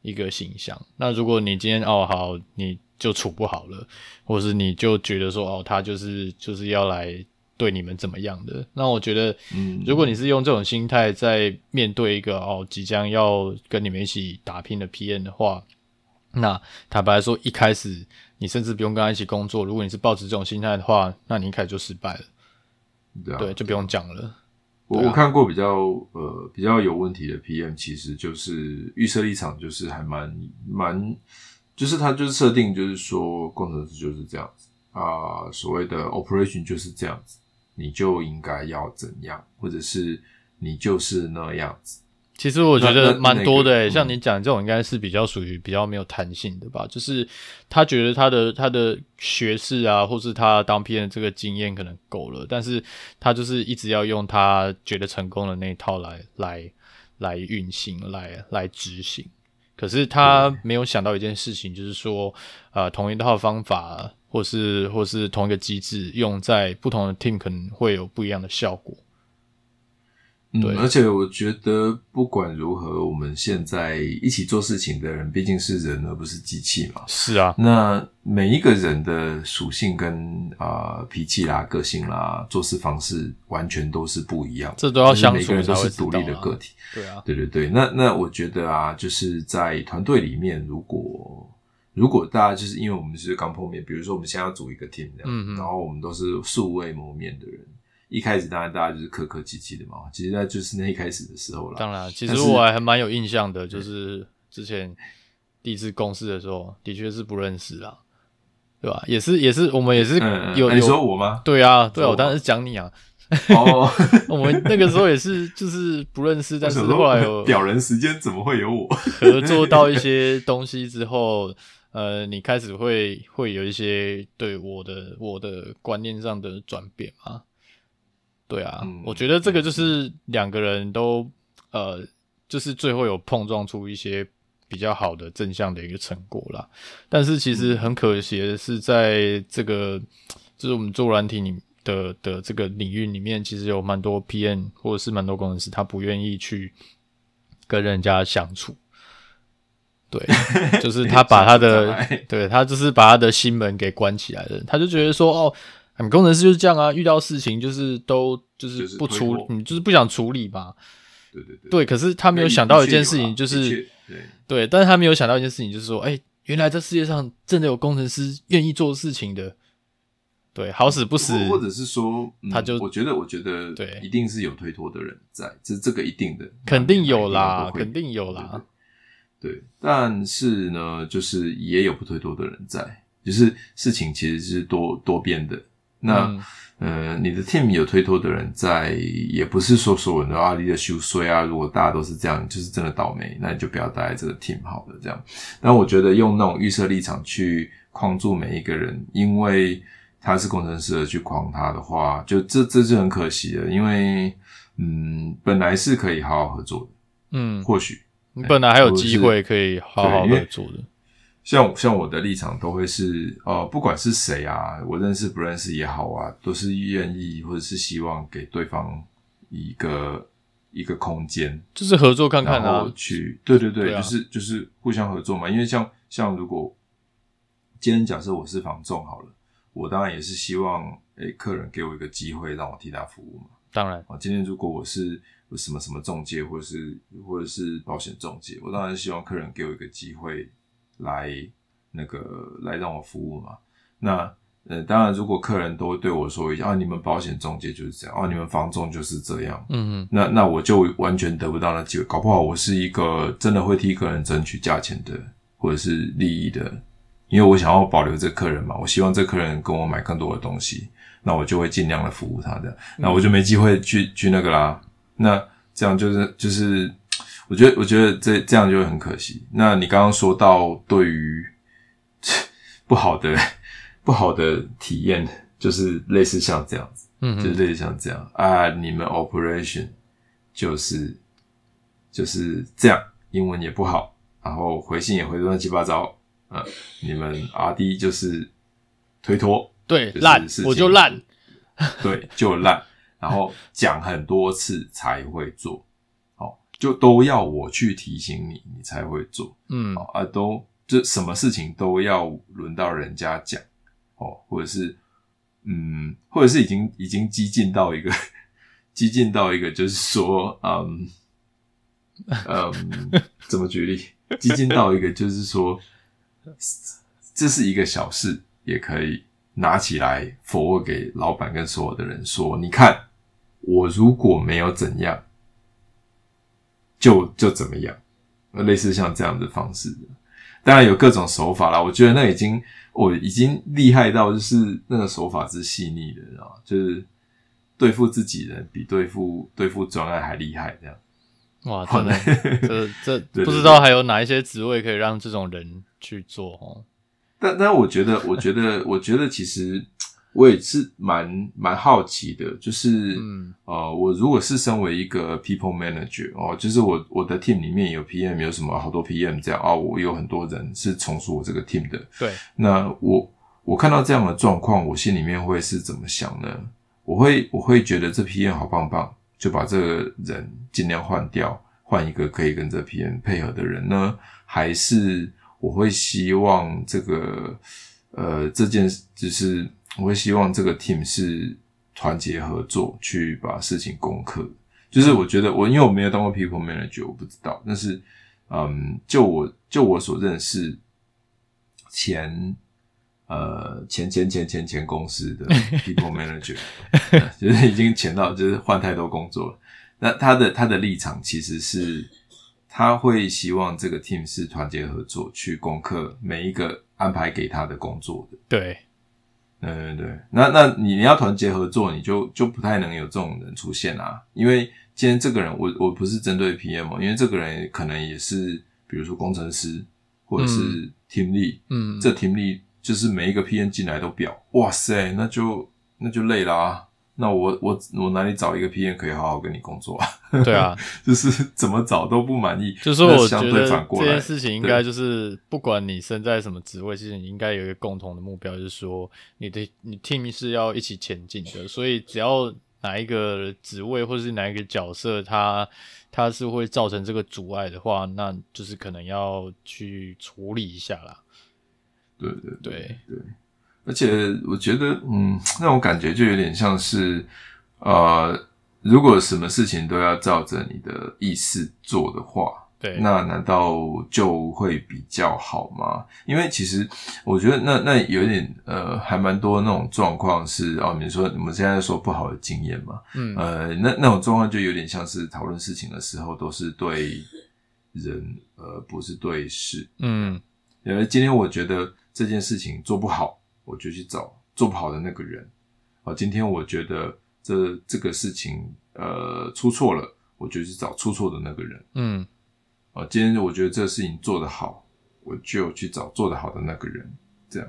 S1: 一個形象。那如果你今天哦好你。就處不好了，或是你就覺得說哦，他就是就是要來對你們怎麼樣的？那我覺得，嗯，如果你是用這種心態在面對一個哦即將要跟你們一起打拼的 PM 的話，那坦白說，一開始你甚至不用跟他一起工作。如果你是抱持這種心態的話，那你一開始就失敗了。這樣對，就不用講了。
S2: 我看過比較呃比較有問題的 PM，其實就是預設立場，就是還蠻蠻。就是他就是設定，就是說工程師就是這樣子啊、呃，所謂的 operation 就是這樣子，你就應該要怎樣，或者是你就是那樣子。其實我覺得蠻多的、欸，那那個、像
S1: 你講、嗯、這種，應該是比較屬於比較沒有彈性的吧。就是他覺得他的他的學士啊，或是他當 PM 這個經驗可能夠了，但是他就是一直要用他覺得成功的那一套來來來運行，來來執行。可是他沒有想到一件事情，就是說，啊對、呃，同一套方法，或是或是同一個機制，用在不同的 team 可能會有不一樣的效果。嗯、對，而且我覺得，不管如何，我們現在
S2: 一起做事情的人畢竟是人，而不是機器嘛。是啊，那每一個人的屬性跟啊、呃、脾氣啦、個性啦、做事方式，完全都是不一樣。這都要相，每個人都是獨立的個體。啊對啊，對對對。那那我覺得啊，就是在團隊裡面，如果如果大家就是因為我們就是剛碰面，比如說我們現在要組一個 team、嗯、哼然後我們都是素未謀面的人。一開始當然大家就是客客氣氣的嘛，其實那就是那一開始的時候啦。當然，其實我還
S1: 蠻有印象的，是就是之前第一次共事的時候，嗯、的確是不認識啦，對吧？也是也是我們也是有你說我嗎？對啊，我對啊我當然是講你啊。哦， [LAUGHS] 我們那個時候也是就是不認識，但是後來有表人時間怎麼會有我合作到一些東西之後，呃，你開始會會有一些對我的我的觀念上的轉變嗎？對啊，嗯、我覺得這個就是兩個人都、嗯、呃，就是最後有碰撞出一些比較好的正向的一個成果啦。但是其實很可惜的是，在這個、嗯、就是我們做軟體的的這個領域裡面，其實有蠻多 PM，或者是蠻多工程師，他不願意去跟人家相處。對，就是他把他的， [LAUGHS] 對他就是把他的心門給關起來了，他就覺得說哦。我們工程師就是這樣啊，遇到事情就是都就是不處理，嗯，就是不想處理吧？對對對，對。可是他沒有想到一件事情，就是、啊、對，對，但是他沒有想到一件事情，就是說，哎、欸，原來這世界上真的有工程師願意做事情的，對，好死不死，或者是說，嗯、他就我覺得，我覺得對，
S2: 一定是有推脫的人在，對這這個一定的，肯定有啦，肯定有啦對。對，但是呢，就是也有不推脫的人在，就是事情其實是多多變的。那，嗯、呃，你的 team 有推脫的人在，也不是說所有人都阿力的修碎啊，啊。如果大家都是這樣，就是真的倒霉，那你就不要帶這個 team 好了這樣。但我覺得用那種預設立場去框住每一個人，因為他是工程師而去框他的話，就這這是很可惜的。因為，嗯，本來是可以好好合作的，嗯，或許許你本來還有機會可以好好合作的。像像我的立場都會是，呃，不管是誰啊，我認識不認識也好啊，都是願意或者是希望給對方一個一個空間，就是合作看看啊，然後去對對對，對啊、就是就是互相合作嘛。因為像像如果今天假設我是房仲好了，我當然也是希望誒、欸、客人給我一個機會讓我替他服務嘛，當然。今天如果我是有什麼什麼中介或者是或者是保險中介，我當然希望客人給我一個機會。來那個來讓我服務嘛。那呃，當然，如果客人都對我說一下啊，你們保險中介就是這樣，啊，你們房仲就是這樣，嗯嗯哼，那那我就完全得不到那機會，搞不好我是一個真的會替客人爭取價錢的，或者是利益的，因為我想要保留這客人嘛，我希望這客人跟我買更多的東西，那我就會盡量的服務他的，那我就沒機會去、嗯、去那個啦，那這樣就是就是。我覺得，我覺得這這樣就很可惜。那你剛剛說到對於不好的、不好的體驗，就是類似像這樣子，嗯哼，就是類似像這樣啊，你們 operation 就是就是這樣，英文也不好，然後回信也回的亂七八糟，啊，你們 RD 就是推脫，對，爛，我就爛，對，就爛， [LAUGHS] 然後講很多次才會做。就都要我去提醒你，你才會做，嗯啊，都就什麼事情都要輪到人家講，哦，或者是嗯，或者是已經已經激進到一個激進到一個，就是說，嗯嗯怎麼舉例？激進到一個，就是說， [LAUGHS] 這是一個小事，也可以拿起來 forward 給老板跟所有的人說，你看我如果沒有怎樣。就就怎麼樣，類似像這樣的方式的，當然有各種手法啦，我覺得那已經，我、哦、已經厲害到就是那個手法是細膩的啊，就是對付自己人比對付對付專案還厲害這樣。哇，真的來這這， [LAUGHS] 這不知道還有
S1: 哪一些職位可以讓這種人去做哦？對對對，
S2: 但但我覺得， [LAUGHS] 我覺得，我覺得其實。我也是蠻蠻好奇的，就是、嗯、呃，我如果是身為一個 people manager 哦，就是我我的 team 裡面有 PM 有什麼好多 PM 這樣啊、哦，我有很多人是重組我這個 team 的。對，那我我看到這樣的狀況，我心裡面會是怎麼想呢？我會我會覺得這 PM 好棒棒，就把這個人儘量換掉，換一個可以跟這 PM 配合的人呢？還是我會希望這個呃，這件事就是。我會希望這個 team 是團結合作，去把事情攻克。就是我覺得、嗯、我因為我沒有當過 people manager，我不知道。但是，嗯，就我就我所認識前呃前，前前前前前公司的 people manager， [LAUGHS] 嗯、就是已經前到就是換太多工作了。那他的他的立場其實是他會希望這個 team 是團結合作，去攻克每一個安排給他的工作的。對。對對對，那那你你要團結合作，你就就不太能有這種人出現啦、啊。因為今天這個人，我我不是針對 P M，因為這個人可能也是，比如說工程師或者是 team lead、嗯，嗯，這 team lead 就是每一個 P M 進來都表，哇塞，那就那就累了啊。那我我我哪裡找一個 PM 可以好好跟
S1: 你工作啊？ [LAUGHS] 對啊，
S2: 就是怎麼找都不滿意。就是說相對過來我覺得這件事情應該就
S1: 是，不管你身在什麼職位，對其實你應該有一個共同的目標，就是說你的你 team 是要一起前進的。的所以只要哪一個職位或者是哪一個角色，他他是會造成這個阻礙的話，那就是可能要去處理一下啦。對對對對。
S2: 而且我覺得，嗯，那種感覺就有點像是，呃，如果什麼事情都要照着你的意思做的話，對，那難道就會比較好嗎？因為其實我覺得那，那那有點，呃，還蠻多那種狀況是，哦，你說，你們現在說不好的經驗嘛，嗯，呃，那那種狀況就有點像是討論事情的時候，都是對人而不是對事，嗯，因為，呃，今天我覺得這件事情做不好。我就去找做不好的那個人，啊、呃，今天我覺得這這個事情呃出錯了，我就去找出錯的那個人，嗯，啊、呃，今天我覺得這個事情做得好，我就去找做得好的那個人，這樣，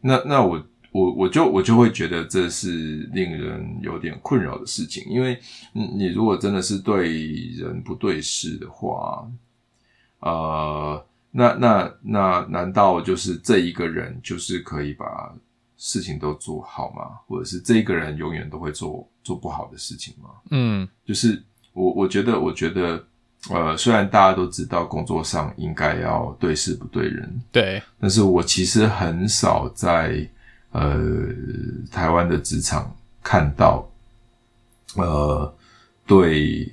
S2: 那那我我我就我就會覺得這是令人有點困擾的事情，因為、嗯、你如果真的是對人不對事的話，啊、呃。那那那，那那難道就是這一個人就是可以把事情都做好嗎？或者是這一個人永遠都會做做不好的事情嗎？嗯，就是我我覺得我覺得呃，雖然大家都知道工作上應該要對事不對人，對，但是我其實很少在呃台灣的職場看到呃對。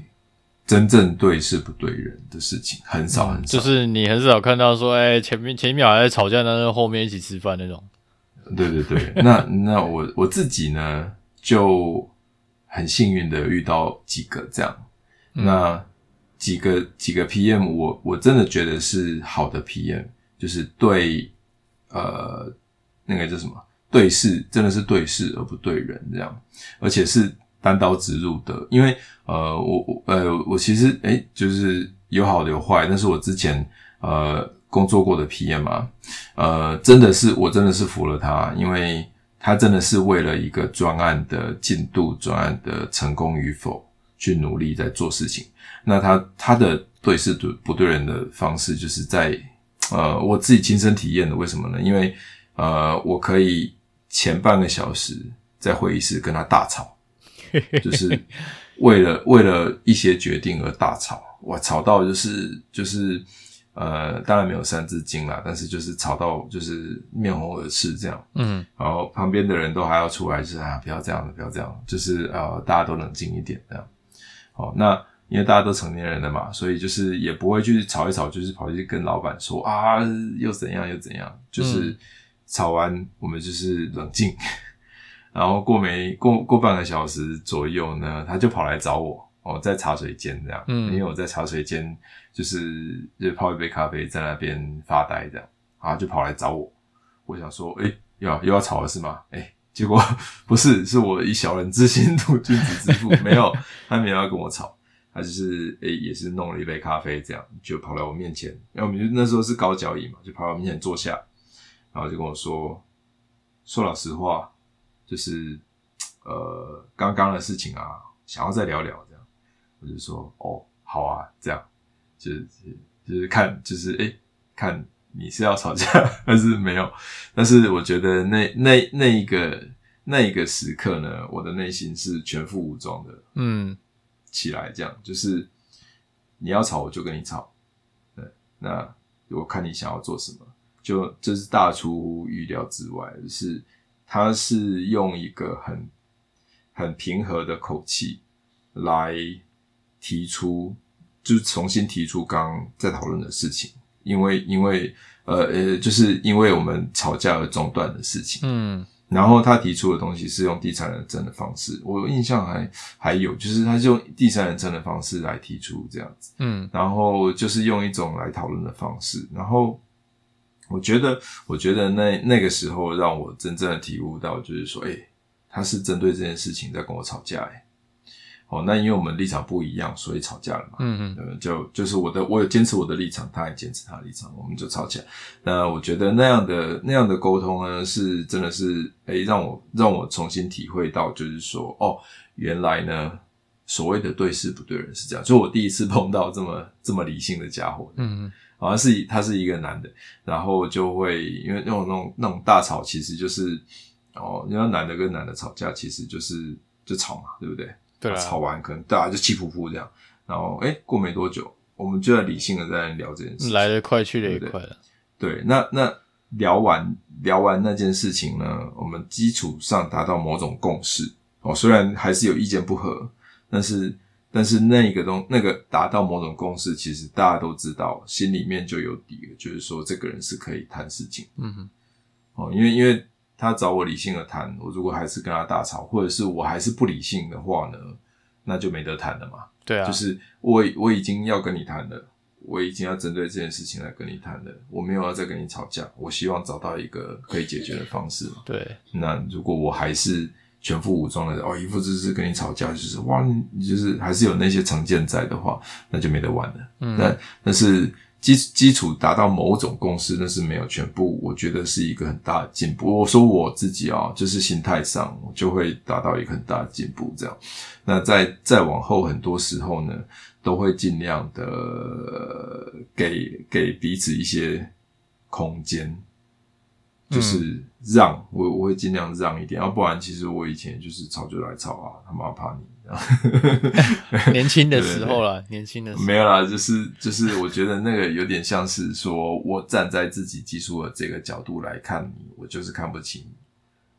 S2: 真正對事不對人的事情很少很少、
S1: 嗯，就是你很少看到說，哎、欸，前面前一秒還在吵架，但是後面一起吃飯那種。
S2: 對對對， [LAUGHS] 那那我我自己呢，就很幸運的遇到幾個這樣，嗯、那幾個幾個 PM，我我真的覺得是好的 PM，就是對呃那個叫什麼？對事，真的是對事而不對人這樣，而且是，單刀直入的，因為呃，我呃，我其實哎，就是有好的有壞，但是我之前呃工作過的 PM 嘛、啊，呃，真的是我真的是服了他，因為他真的是為了一個專案的進度、專案的成功與否去努力在做事情。那他他的對事不不對人的方式，就是在呃我自己親身體驗的，為什麼呢？因為呃，我可以前半個小時在會議室跟他大吵。 [LAUGHS] 就是為了為了一些決定而大吵，我吵到就是就是呃，當然沒有三字經啦，但是就是吵到就是面紅耳赤這樣，嗯，然後旁邊的人都還要出來就是啊，不要這樣子，不要這樣，就是呃，大家都冷靜一點這樣好。那因為大家都成年人了嘛，所以就是也不會去吵一吵，就是跑去跟老闆說啊，又怎樣又怎樣，就是吵完我們就是冷靜。嗯然後過沒過過半個小時左右呢，他就跑來找我。哦，在茶水間這樣，嗯、因為我在茶水間就是就泡一杯咖啡，在那邊發呆這樣。然後就跑來找我，我想說，哎，又、啊、又要吵了是嗎？哎，結果不是，是我以小人之心度君子之腹， [LAUGHS] 沒有，他沒有要跟我吵，他就是哎也是弄了一杯咖啡這樣，就跑來我面前，因為我們就那時候是高腳椅嘛，就跑到我面前坐下，然後就跟我說，說老實話。就是呃，剛剛的事情啊，想要再聊聊這樣，我就說哦，好啊，這樣就，就，就，就是就是看就是哎，看你是要吵架還是沒有？但是我覺得那那那一個那一個時刻呢，我的內心是全副武裝的，嗯，起來這樣，就是你要吵我就跟你吵，對，那我看你想要做什麼，就這、就是大出預料之外，就是。他是用一個很很平和的口氣來提出，就重新提出剛剛在討論的事情，因為因為呃呃，就是因為我們吵架而中斷的事情。嗯，然後他提出的東西是用第三人稱的方式，我印象還還有就是他是用第三人稱的方式來提出這樣子。嗯，然後就是用一種來討論的方式，然後。我覺得，我覺得那那個時候讓我真正的體悟到，就是說，哎、欸，他是針對這件事情在跟我吵架，哎，哦，那因為我們立場不一樣，所以吵架了嘛。嗯嗯哼，就就是我的，我有堅持我的立場，他也堅持他的立場，我們就吵起來。那我覺得那樣的那樣的溝通呢，是真的是，哎、欸，讓我讓我重新體會到，就是說，哦，原來呢，所謂的對事不對人是這樣。所以我第一次碰到這麼這麼理性的傢伙。嗯哼。好像、哦，是他是一個男的，然後就會因為那種那種那種大吵，其實就是哦，因為男的跟男的吵架，其實就是就吵嘛，對不對？對、啊啊，吵完可能大家就氣噗噗這樣，然後哎，過沒多久，我們就在理性的在那聊這件事情，來
S1: 得快去的快了對不對。
S2: 對，那那聊完聊完那件事情呢，我們基礎上達到某種共識哦，雖然還是有意見不合，但是。但是那一個東那個達到某種共識，其實大家都知道，心裡面就有底了，就是說這個人是可以談事情。嗯哼，哦，因為因為他找我理性的談，我如果還是跟他大吵，或者是我還是不理性的話呢，那就沒得談了嘛。對啊，就是我我已經要跟你談了，我已經要針對這件事情來跟你談了，我沒有要再跟你吵架，我希望找到一個可以解決的方式嘛。對，那如果我還是。全副武裝的哦，一副就是跟你吵架，就是哇，你就是還是有那些成見在的話，那就沒得玩了。嗯，但但是基基礎達到某種共識，那是沒有全部，我覺得是一個很大的進步。我說我自己哦，就是心態上，我就會達到一個很大的進步。這樣，那再再往後，很多時候呢，都會盡量的給給彼此一些空間，
S1: 就是。嗯
S2: 讓我我會盡量讓一點，要、啊、不然其實我以前就是吵就來吵啊，他媽怕你、啊、 [LAUGHS] [LAUGHS] 年輕的時候啦。對對對，年輕的時候沒有啦，就是就是，我覺得那個有點像是說我站在自己技術的這個角度來看你，我就是看不起你。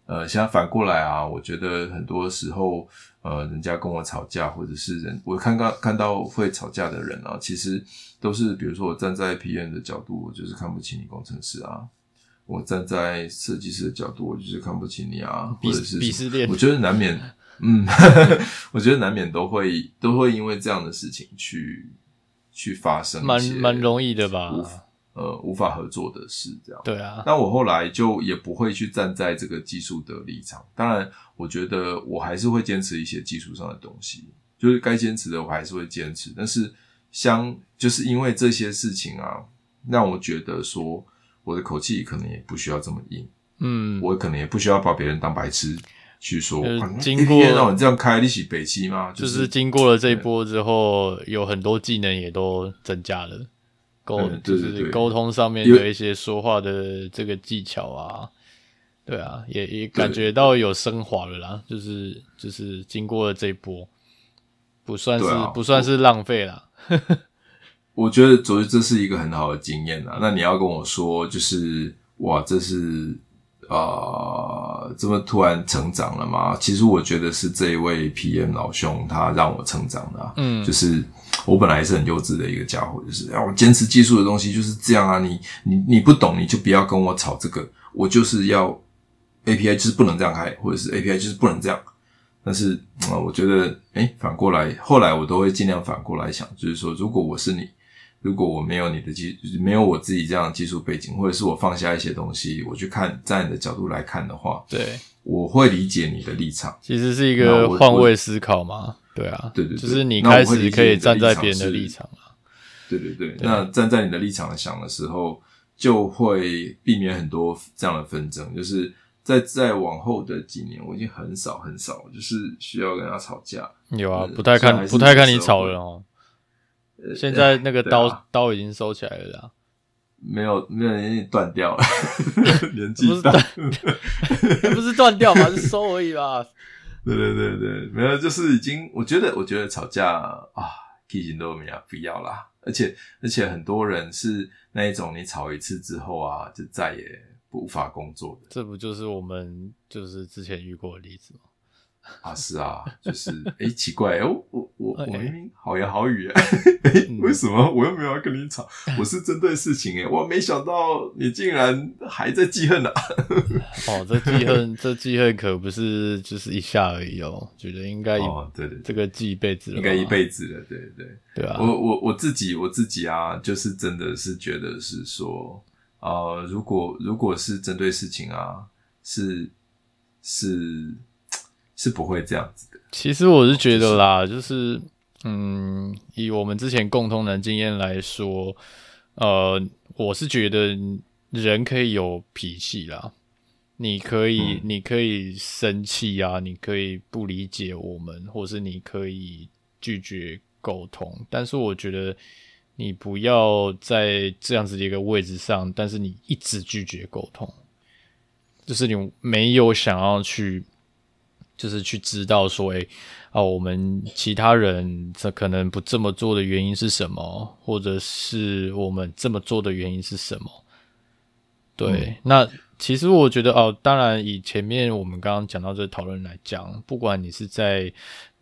S2: 呃，像反過來啊，我覺得很多時候呃，人家跟我吵架，或者是人我看到看到會吵架的人啊，其實都是比如說我站在 PM 的角度，我就是看不起你工程師啊。我站在設計師的角度，我就是看不起你啊，或者是鄙視。我覺得難免， [LAUGHS] 嗯， [LAUGHS] 我覺得難免都會都會因為這樣的事情，去去發生，蠻蠻容易的吧？呃，無法合作的事這樣。對啊，那我後來就也不會去站在這個技術的立場。當然，我覺得我還是會堅持一些技術上的東西，就是該堅持的我還是會堅持。但是像，相就是因為這些事情啊，讓我覺得說。我的口氣可能也不需要這麼硬，嗯，我可能也不需要把別人當白痴去說。經天讓我這樣開力氣北極嗎？就是經過
S1: 了這一波之後，有很多技能也都增加了，溝就是溝通上面的一些說話的這個技巧啊，對啊，也也感覺到有升華了啦。就是就是經過了這一波，不算是不算是浪費啦。呵呵。
S2: 我覺得，昨天這是一個很好的經驗啊。那你要跟我說，就是哇，這是啊、呃，這麼突然成長了嗎？其實我覺得是這一位 PM 老兄他讓我成長的、啊。嗯，就是我本來是很幼稚的一個家伙，就是要堅持技術的東西就是這樣啊。你你你不懂，你就不要跟我吵這個。我就是要 API 就是不能這樣開，或者是 API 就是不能這樣。但是，呃、我覺得，哎、欸，反過來，後來我都會盡量反過來想，就是說，如果我是你。如果我沒有你的技，沒有我自己這樣的技術背景，或者是我放下一些東西，我去看，站在你的角度來看的話，對，我會理解你的立場，其實是一個換位思考嘛，我我對啊，對，對對，就是你開始可以站在別人的立場了，場，對對對，對，那站在你的立場想的時候，就會避免很多這樣的紛爭。就是在在往後的幾年，我已經很少很少，就是需要跟他吵架，有啊，對不太看不太看你吵
S1: 了哦。現在那個刀、欸啊、刀已經收起來了啦，
S2: 沒有，沒有，已經斷掉了。 [LAUGHS] 年紀大， [LAUGHS] 不是斷掉，嘛 [LAUGHS] 是, [LAUGHS] 是收而已啦。對對對對，沒有，就是已經，我覺得，我覺得吵架啊，提醒都沒有必要啦。而且而且，很多人是那一種，
S1: 你吵一次之後啊，就再也不無法工作的。這不就是我們就是之前遇過的例子嗎？啊，是啊，就是哎、欸，奇怪哦，
S2: 我明明好言好語言，欸欸、為什麼我又沒有要跟你吵？嗯、我是針對事情哎、欸，我沒想到你竟然還在記恨啊！哦，這記恨，
S1: [LAUGHS] 這記恨可不是就是一下而已哦，覺得應該哦，對對，對，這個記一輩子了，應該一
S2: 輩子了，對對對，對啊！我我我自己我自己啊，就是真的是覺得是說，啊、呃，如果如果是針對事情啊，是是。是不會這樣子
S1: 的。其實我是覺得啦，就是、就是，嗯，以我們之前共同的經驗來說，呃，我是覺得人可以有脾氣啦，你可以，嗯、你可以生氣啊，你可以不理解我們，或是你可以拒絕溝通。但是我覺得你不要在這樣子的一個位置上，但是你一直拒絕溝通，就是你沒有想要去。就是去知道說，以、欸、哦、啊，我們其他人這可能不這麼做的原因是什麼，或者是我們這麼做的原因是什麼？對，嗯、那其實我覺得哦，當然以前面我們剛剛講到這討論來講，不管你是在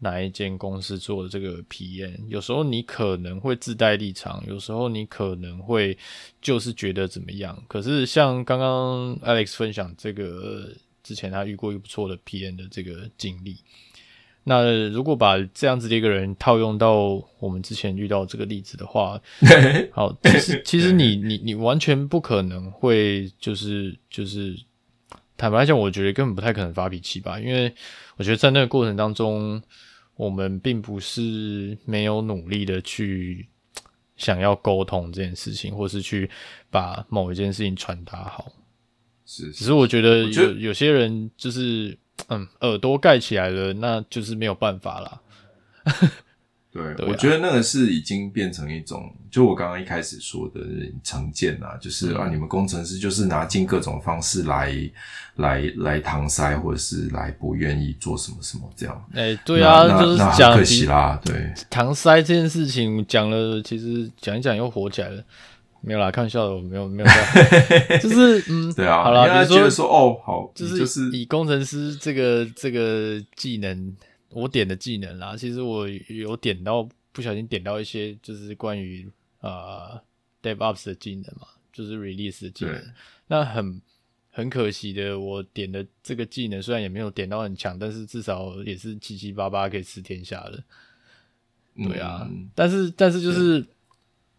S1: 哪一間公司做的這個 PM，有時候你可能會自帶立場，有時候你可能會就是覺得怎麼樣。可是像剛剛 Alex 分享這個。呃之前他遇過一個不錯的 PM 的這個經歷，那如果把這樣子的一個人套用到我們之前遇到這個例子的話， [LAUGHS] 好，其實其實你 [LAUGHS] 你你完全不可能會就是就是坦白講，我覺得根本不太可能發脾氣吧，因為我覺得在那個過程當中，我們並不是沒有努力的去想要溝通這件事情，或是去把某一件事情傳達好。是，是，是，只是我覺得有覺得有些人就是，嗯，耳朵蓋起來了，那就是沒有辦法啦。 [LAUGHS] 對，
S2: 對啊，我覺得那個是已經變成一種，就我剛剛一開始說的成見啊，就是，嗯、啊，你們工程師就是拿盡各種方式來，嗯、來，來搪塞，或者是來不願意做什麼什麼這樣。哎、欸，對啊，那那就是講，可惜啦，對，
S1: 搪塞這件事情講了，其實講一講又火起來了。沒有啦，開玩笑的，我沒有沒有辦法， [LAUGHS] 就是嗯，對啊，好啦，因為比如說說哦，好，就是就是以工程師這個這個技能，我點的技能啦，其實我有點到不小心點到一些，就是關於啊、呃、DevOps 的技能嘛，就是 release 的技能，對那很很可惜的，我點的這個技能雖然也沒有點到很強，但是至少也是七七八八可以吃天下的，對啊，嗯、但是但是就是，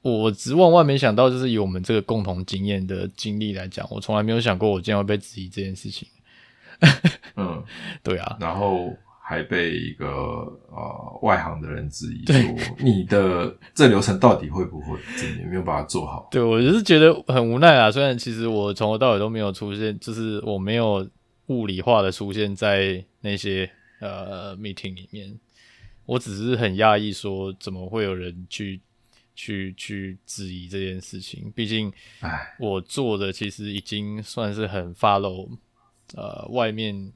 S1: 我直萬萬沒想到，就是以我們這個共同經驗的經歷來講，我從來沒有想過我竟然會被質疑這件事情。 [LAUGHS] 嗯， [LAUGHS] 對啊，然後還被一個呃外行的人質疑
S2: 說，對你的 [LAUGHS] 這流程到底會不會，你有沒有把它做好？
S1: 對，我就是覺得很無奈啊。雖然其實我從頭到尾都沒有出現，就是我沒有物理化的出現在那些呃 meeting 裡面，我只是很訝異說，怎麼會有人去。去去質疑這件事情，畢竟我做的其實已經算是很 follow 唉呃外面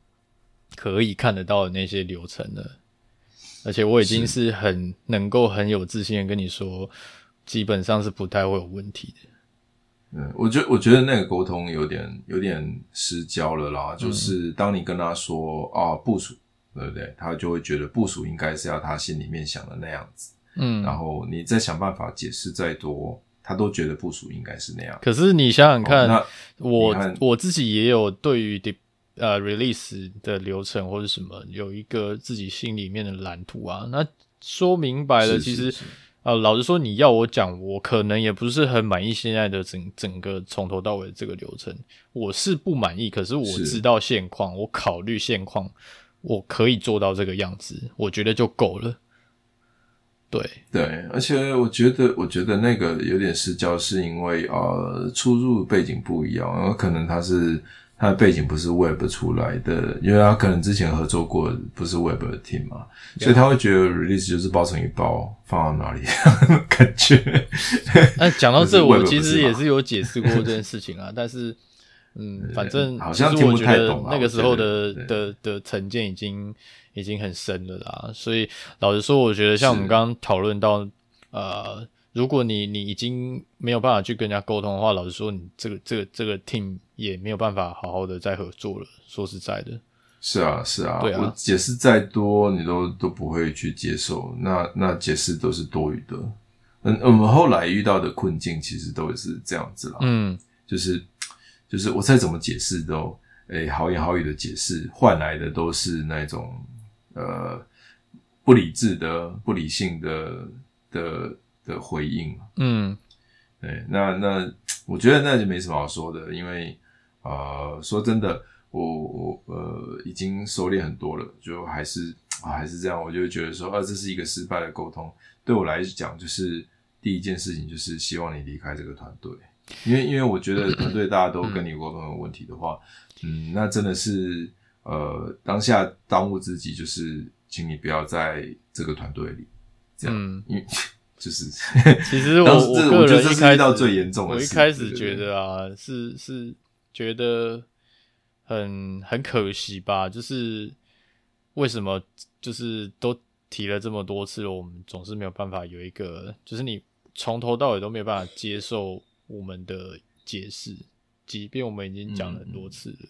S1: 可以看得到的那些流程了，而且我已經是很是能夠很有自信的跟你說，基本上是不太會有問題的。嗯，
S2: 我覺我覺得那個溝通有點有點失焦了啦，嗯、就是當你跟他說啊部署，對不對？他就會覺得部署應該是要他心裡面想的那樣子。嗯，然後你再想辦法解釋再多，他都覺得部署應該是那樣。可是你
S1: 想想看，哦、我我自己也有對於呃 release 的流程或者什麼有一個自己心裡面的藍圖啊。那說明白了，是是是，其實呃，老實說，你要我講，我可能也不是很滿意現在的整整個從頭到尾這個流程，我是不滿意。可是我知道現況，是我考慮現況，我可以做到這個樣子，我覺得就夠了。
S2: 對對，而且我覺得，我覺得那個有點失焦，是因為呃，出入背景不一樣，然後可能他是他的背景不是 Web 出來的，因為他可能之前合作過不是 Web 的 team 嘛，樣所以他會覺得 release 就是包成一包放到哪裡， [LAUGHS] 感覺。那講到這，我其實 [LAUGHS] 是也是有解釋過這件
S1: 事情啊，但是。嗯，對反正對其實我覺得那個時候的對的的，的成見已經已經很深了啦。所以老實說，我覺得像我們剛剛討論到，是呃，如果你你已經沒有辦法去跟人家溝通的話，老實說，你這個這個這個 team 也沒有辦法好好的再合作了。說實在的，是啊，是啊，對啊，我
S2: 解釋再多，你都都不會去接受，那那解釋都是多餘的。嗯，我們後來遇到的困境其實都是這樣子了。嗯，就是。就是我再怎麼解釋都，哎，好言好語的解釋換來的都是那種呃不理智的、不理性的的的回應。嗯，對，那那我覺得那就沒什麼好說的，因為啊、呃，說真的，我我呃已經收斂很多了，就還是、啊、還是這樣，我就覺得說，啊，這是一個失敗的溝通，對我來講就是第一件事情就是希望你離開這個團隊。因為，因為我覺得團隊大家都跟你溝通有問題的話，嗯，嗯，那真的是，呃，當下當務之急就是，請你不要在這個團隊裡
S3: 這
S1: 樣，嗯、
S2: 因為就是， [LAUGHS] 其實我我個人，我覺得這是一道最嚴重的事。我一開始覺
S1: 得啊，吧是是覺得很很可惜吧，就是為什麼就是都提了這麼多次了，我們總是沒有辦法有一個，就是你從頭到尾都沒有辦法接受。我們的解釋，即便我們已經講了很多次了，嗯、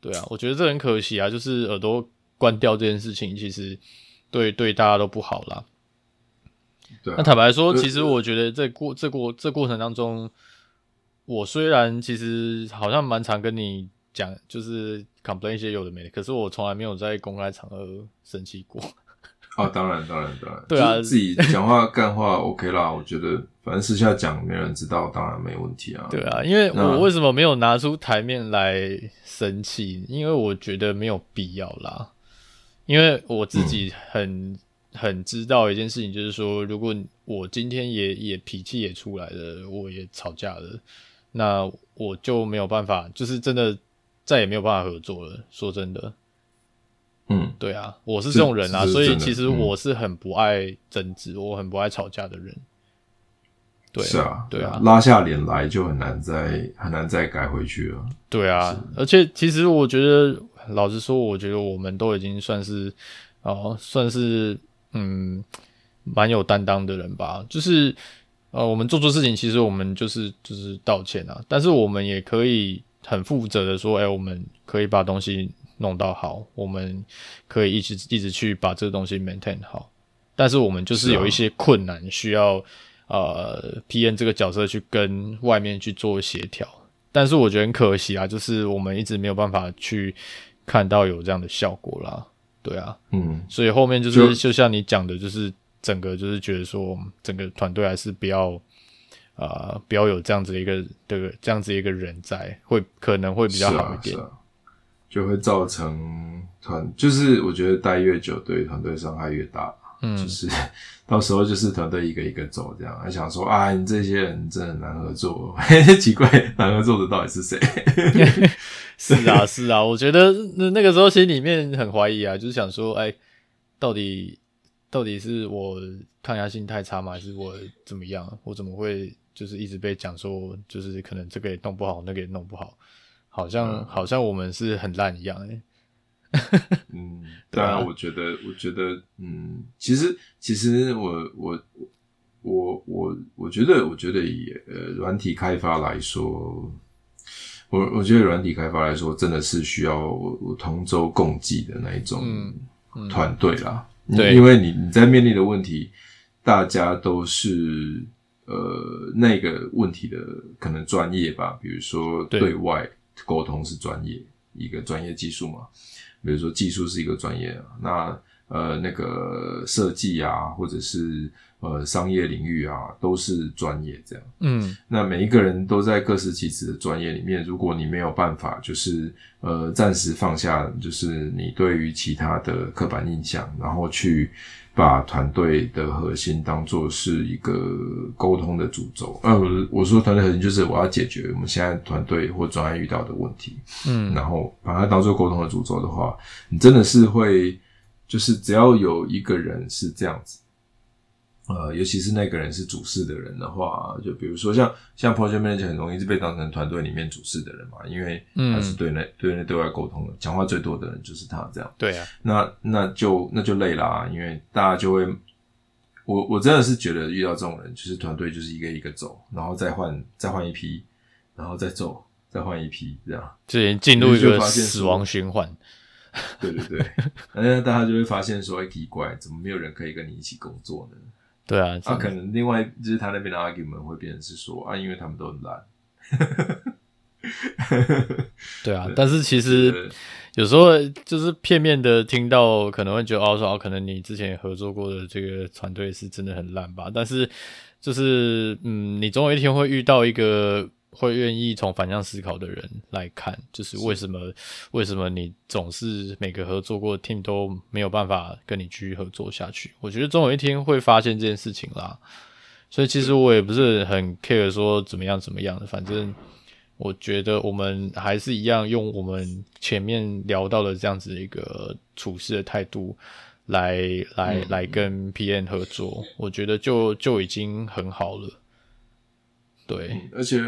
S1: 對啊，我覺得這很可惜啊，就是耳朵關掉這件事情，其實對對大家都不好啦。對、嗯，那坦白說，對其實我覺得在過這過,對這,過,這,過這過程當中，我雖然其實好像蠻常跟你講，就是 complain 一些有的沒的，可是我從來沒有在公開場合生氣過。啊、哦，當然，當然，當然，對啊，
S2: 自己講話幹話 OK 啦。 [LAUGHS] 我覺得反正私下講，沒人知道，當然沒問題啊。對啊，因為我為什
S1: 麼沒有拿出台面來生氣？那因為我覺得沒有必要啦。因為我自己很、嗯、很知道一件事情，就是說，如果我今天也也脾氣也出來了，我也吵架了，那我就沒有辦法，就是真的再也沒有辦法合作了。說真的。嗯，對啊，我是這種人啊，所以其實我是很不愛爭執，嗯、我很不愛吵架的人。對，是啊，對啊，拉下臉來就很難再很難再改回去了。對啊，是而且其實我覺得，老實說，我覺得我們都已經算是哦，算是嗯，蠻有擔當的人吧。就是呃，我們做錯事情，其實我們就是就是道歉啊，但是我們也可以很負責的說，哎，我們可以把東西。弄到好，我們可以一直一直去把這個東西 maintain 好，但是我們就是有一些困難，需要、啊、呃 PM 這個角色去跟外面去做協調。但是我覺得很可惜啊，就是我們一直沒有辦法去看到有這樣的效果啦。對啊，嗯，所以後面就是就，就像你講的，就是整個就是覺得說，整個團隊還是不要啊、呃，不要有這樣子的一個對這樣子一個人在，會可能會比較好一點。就會造成
S2: 團，就是我覺得待越久對於團隊傷害越大，嗯，就是到時候就是團隊一個一個走這樣，還想說啊，你這些人真的難合作，呵呵，奇怪，難合作的到底是誰？ [LAUGHS] 是啊，是
S1: 啊， [LAUGHS] 我覺得那，那個時候心裡面很懷疑啊，就是想說，哎，到底到底是我抗壓性太差嘛，還是我怎麼樣？我怎麼會就是一直被講說，就是可能這個也弄不好，那個也弄不好。好像好像我們是很爛一樣欸。 [LAUGHS] 嗯，當然我
S2: 覺得，我覺得，嗯，其實，其實我我我我我我覺得，我覺得以，以呃，軟體開發來說，我我覺得軟體開發來說，真的是需要我我同舟共濟的那一種團隊啦。嗯嗯，對，因為你你在面臨的問題，大家都是呃那個問題的可能專業吧，比如說對外。對溝通是專業，一個專業技術嘛，比如說技術是一個專業啊，那呃那個設計啊，或者是呃商業領域啊，都是專業這樣。嗯，那每一個人都在各司其職的專業裡面，如果你沒有辦法，就是呃暫時放下，就是你對於其他的刻板印象，然後去。把團隊的核心當做是一個溝通的主軸，呃、啊，我說團隊核心就是我要解決我們現在團隊或專案遇到的問題，嗯，然後把它當做溝通的主軸的話，你真的是會，就是只要有一個人是這樣子。呃，尤其是那個人是主事的人的話，啊，就比如說像像 project manager 很容易是被當成團隊裡面主事的人嘛，因為他是對內，嗯、對內對外溝通的，講話最多的人就是他這樣。對啊，那那就那就累了啊，因為大家就會，我我真的是覺得遇到這種人，就是團隊就是一個一個走，然後再換再換一批，然後再走再換一批這樣，就進入一個死亡循環。對對對，那大家就會發現說，哎，欸、奇怪，怎麼沒有人可以跟你一起工作呢？
S1: 對啊，他、啊、可
S2: 能另外就是他那邊的 argument 會變成是說啊，因為他們都很爛。 [LAUGHS] 對啊，對，但是其實
S1: 有時候就是片面的聽到，可能會覺得對、對、對哦說，可能你之前合作過的這個團隊是真的很爛吧？但是就是嗯，你總有一天會遇到一個。會願意從反向思考的人來看，就是為什麼的為什麼你總是每個合作過的 team 都沒有辦法跟你繼續合作下去？我覺得總有一天會發現這件事情啦。所以其實我也不是很 care 說怎麼樣怎麼樣的，對反正我覺得我們還是一樣用我們前面聊到的這樣子一個處事的態度來來、嗯、來跟 PM 合作，我覺得就就已經很好了。對、嗯，而且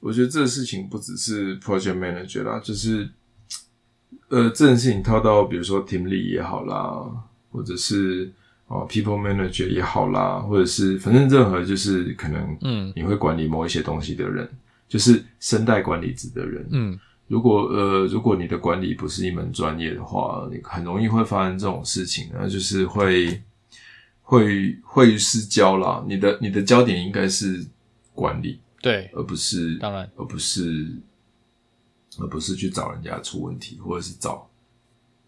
S2: 我覺得這個事情不只是 project manager 啦，就是呃，這件事情套到比如說 team lead 也好啦，或者是啊、呃、people manager 也好啦，或者是反正任何就是可能，嗯，你會管理某一些東西的人，嗯、就是身帶管理職的人，嗯，如果呃，如果你的管理不是一門專業的話，你很容易會發生這種事情，那就是會會會失焦啦，你的你的焦點應該是。管理對，而不是當然，而不是而不是去找人家出問題，或者是找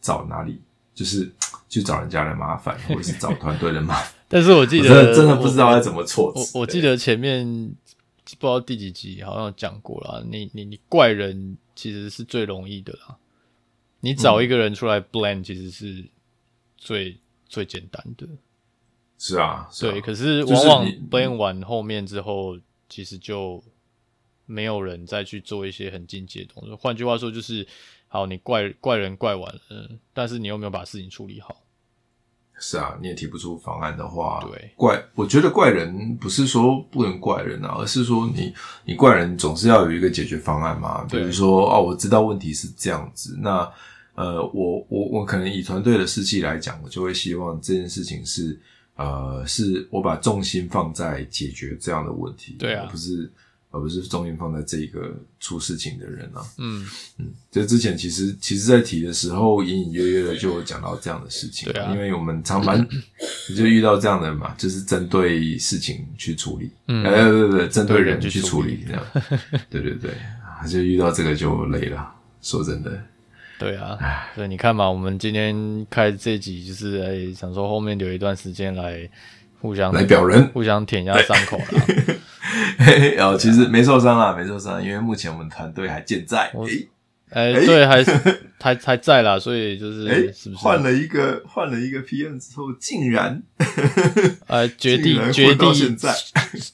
S2: 找哪裡，就是去找人家的麻煩，或者是找團隊的麻煩。
S1: [LAUGHS] 但是我記得我真的，真的不知道該怎麼措辭。我我，我記得前面對不知道第幾集好像講過了，你你你怪人其實是最容易的啦，你找一個人出來 blame 其實是最、嗯、最簡單的。是啊，是啊對，可是往往 blame 完後面之後。其實就沒有人再去做一些很進階的動作。換句話說，就是好，你怪怪人怪完了，但是你又沒有把事情處理好。是啊，你也提不出方案的話，對
S2: 怪，我覺得怪人不是說不能怪人啊，而是說你你怪人總是要有一個解決方案嘛。對比如說，哦、啊，我知道問題是這樣子，那呃，我我我可能以團隊的士氣來講，我就會希望這件事情是。呃，是我把重心放在解決這樣的問題，對啊，而不是而不是重心放在這一個出事情的人啊，嗯嗯，就之前其實其實，在提的時候，隱隱約約的就有講到這樣的事情，對啊，因為我們常常、嗯、就遇到這樣的人嘛，就是針對事情去處理，嗯、呃，對對對，針對人去處理，這樣，嗯、對， [LAUGHS] 對對對，就遇到這個就累了，說真的。
S1: 對啊，所以你看嘛，我們今天開這集就是哎、欸，想說，後面留一段時間來互相來表人，互相舔一下傷口啦。然後其實沒受傷了，沒受傷，因為目前我們團隊還健在。哎、欸，欸欸、對，所以還還還在啦，所以就是、欸、是不是換、啊、了一
S2: 個，換了一個 PM 之後竟然，呃， [LAUGHS] 絕地絕地在，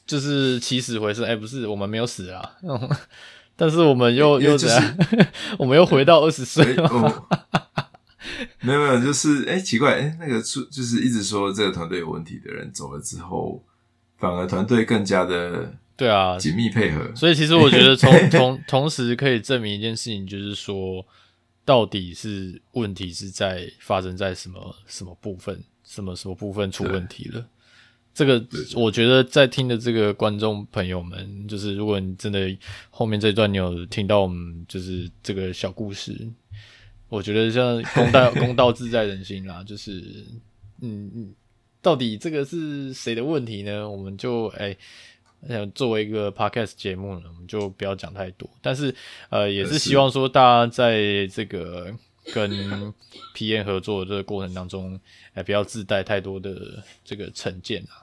S1: 就是起死回生。哎、欸，不是，我們沒有死啊。 [LAUGHS] 但是我們又又怎樣、就是、 [LAUGHS] 我們又回到二十歲。
S2: 沒有沒有，就是哎、欸，奇怪哎、欸，那個出就是一直說這個團隊有問題的人走了之後，反而團隊更加的對啊緊密配合、啊所以。所以其實我覺得從
S1: 同同時可以證明一件事情，就是說到底是問題是在發生在什麼什麼部分，什麼什麼部分出問題了。這個我覺得在聽的這個觀眾朋友們，就是如果你真的後面這段你有聽到我們就是這個小故事，我覺得像公道公道自在人心啦，就是嗯，到底這個是誰的問題呢？我們就哎、呃，作為一個 podcast 節目呢，我們就不要講太多，但是呃，也是希望說大家在這個跟 PM 合作的這個過程當中，哎，不要自帶太多的這個成見啊。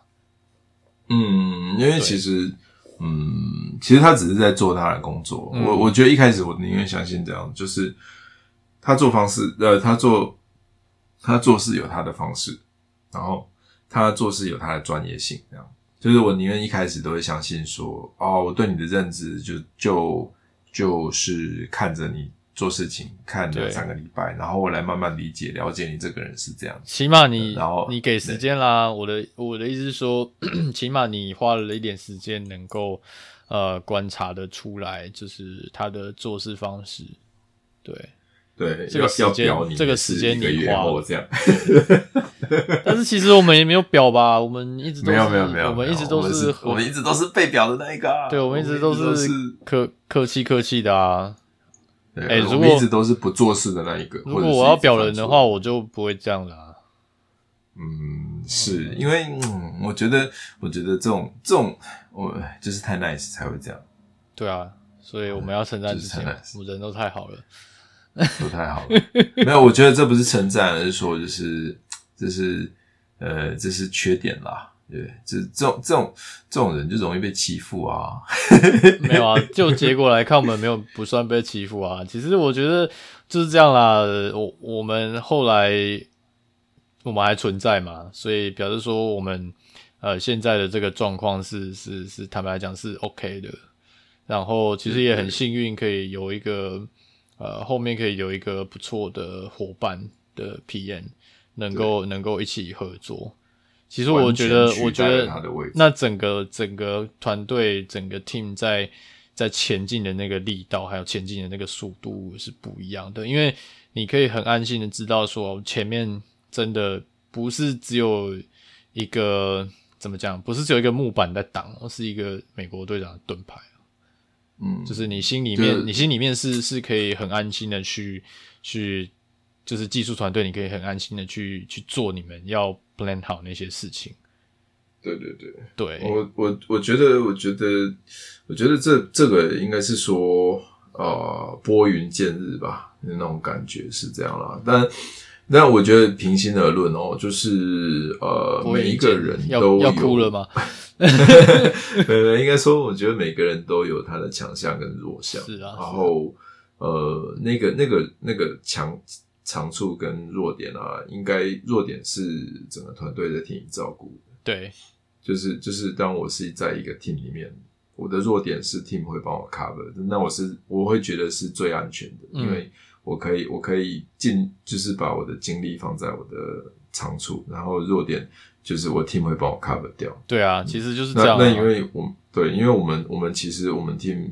S2: 嗯，因為其實，對嗯，其實他只是在做他的工作。嗯、我我覺得一開始我寧願相信這樣，就是他做方式，呃，他做他做事有他的方式，然後他做事有他的專業性。這樣，就是我寧願一開始都會相信說，哦，我對你的認知就就就是看着你。做事情看了三個禮拜，然後我來慢慢理解、了解你這個人是這樣。
S1: 起碼你，然後你給時間啦。我的我的意思是說，起碼你花了一點時間，能夠呃觀察的出來，就是他的做事方式。對對，這個時間，這個時間你花我這樣。但是其實我們也沒有表吧，我們一直都沒有沒有沒有，我們一直都是我們一直都是被表的那一個啊。對，我們一直都是客客氣客氣的啊。哎，欸、我們一直都是不做事的那一個。如果我要表人的話，我就不會這樣了、啊。嗯，是 Okay. 因為嗯，我
S2: 覺得，我覺得這種這種，我就是太 nice 才會這樣。
S1: 對啊，所以我們要稱讚自己，嗯就是、我們人都太好了，都太好了。沒有，我覺得
S2: 這不是稱讚，而是說，就是這是呃，這是缺點啦。對，就
S1: 這種這種這種人就容易被欺負啊！ [LAUGHS] 沒有啊，就結果來看，我們沒有不算被欺負啊。其實我覺得就是這樣啦。我我們後來我們還存在嘛，所以表示說我們呃現在的這個狀況是是是，是坦白來講是 OK 的。然後其實也很幸運，可以有一個、嗯、呃後面可以有一個不錯的夥伴的 PM 能夠對能夠一起合作。其實我覺得，我覺得那整個整個團隊整個 team 在在前進的那個力道，還有前進的那個速度是不一樣的。因為你可以很安心的知道說前面真的不是只有一個怎麼講，不是只有一個木板在擋，而是一個美國隊長的盾牌。嗯，
S2: 就是
S1: 你心裡面，對你心裡面是是可以很安心的去去。就是技術團隊，你可以很安心的去去做你們要 plan 好那些事情。對對對，
S2: 對。我我我覺得，我覺得，我覺得這這個應該是說，呃，撥雲見日吧，那種感覺是這樣啦。但但我覺得，平心而論哦，就是呃，每一個人都要，要哭了嗎？呃， [LAUGHS] [LAUGHS] 應該說，我覺得每個人都有他的強項跟弱項。是啊，然後、啊、呃，那個那個那個強。長處跟弱點啊，應該弱點是整個團隊的 team 照顧
S1: 的。對。就
S2: 是，就是就是，當我是在一個 team 裡面，我的弱點是 team 會幫我 cover 的，那我是我會覺得是最安全的，因為我可以我可以盡就是把我的精力放在我的長處，然後弱點就是我 team 會幫我 cover 掉。對啊，其實就是這樣啊，嗯，那。那因為我對，因為我們我們其實我們 team。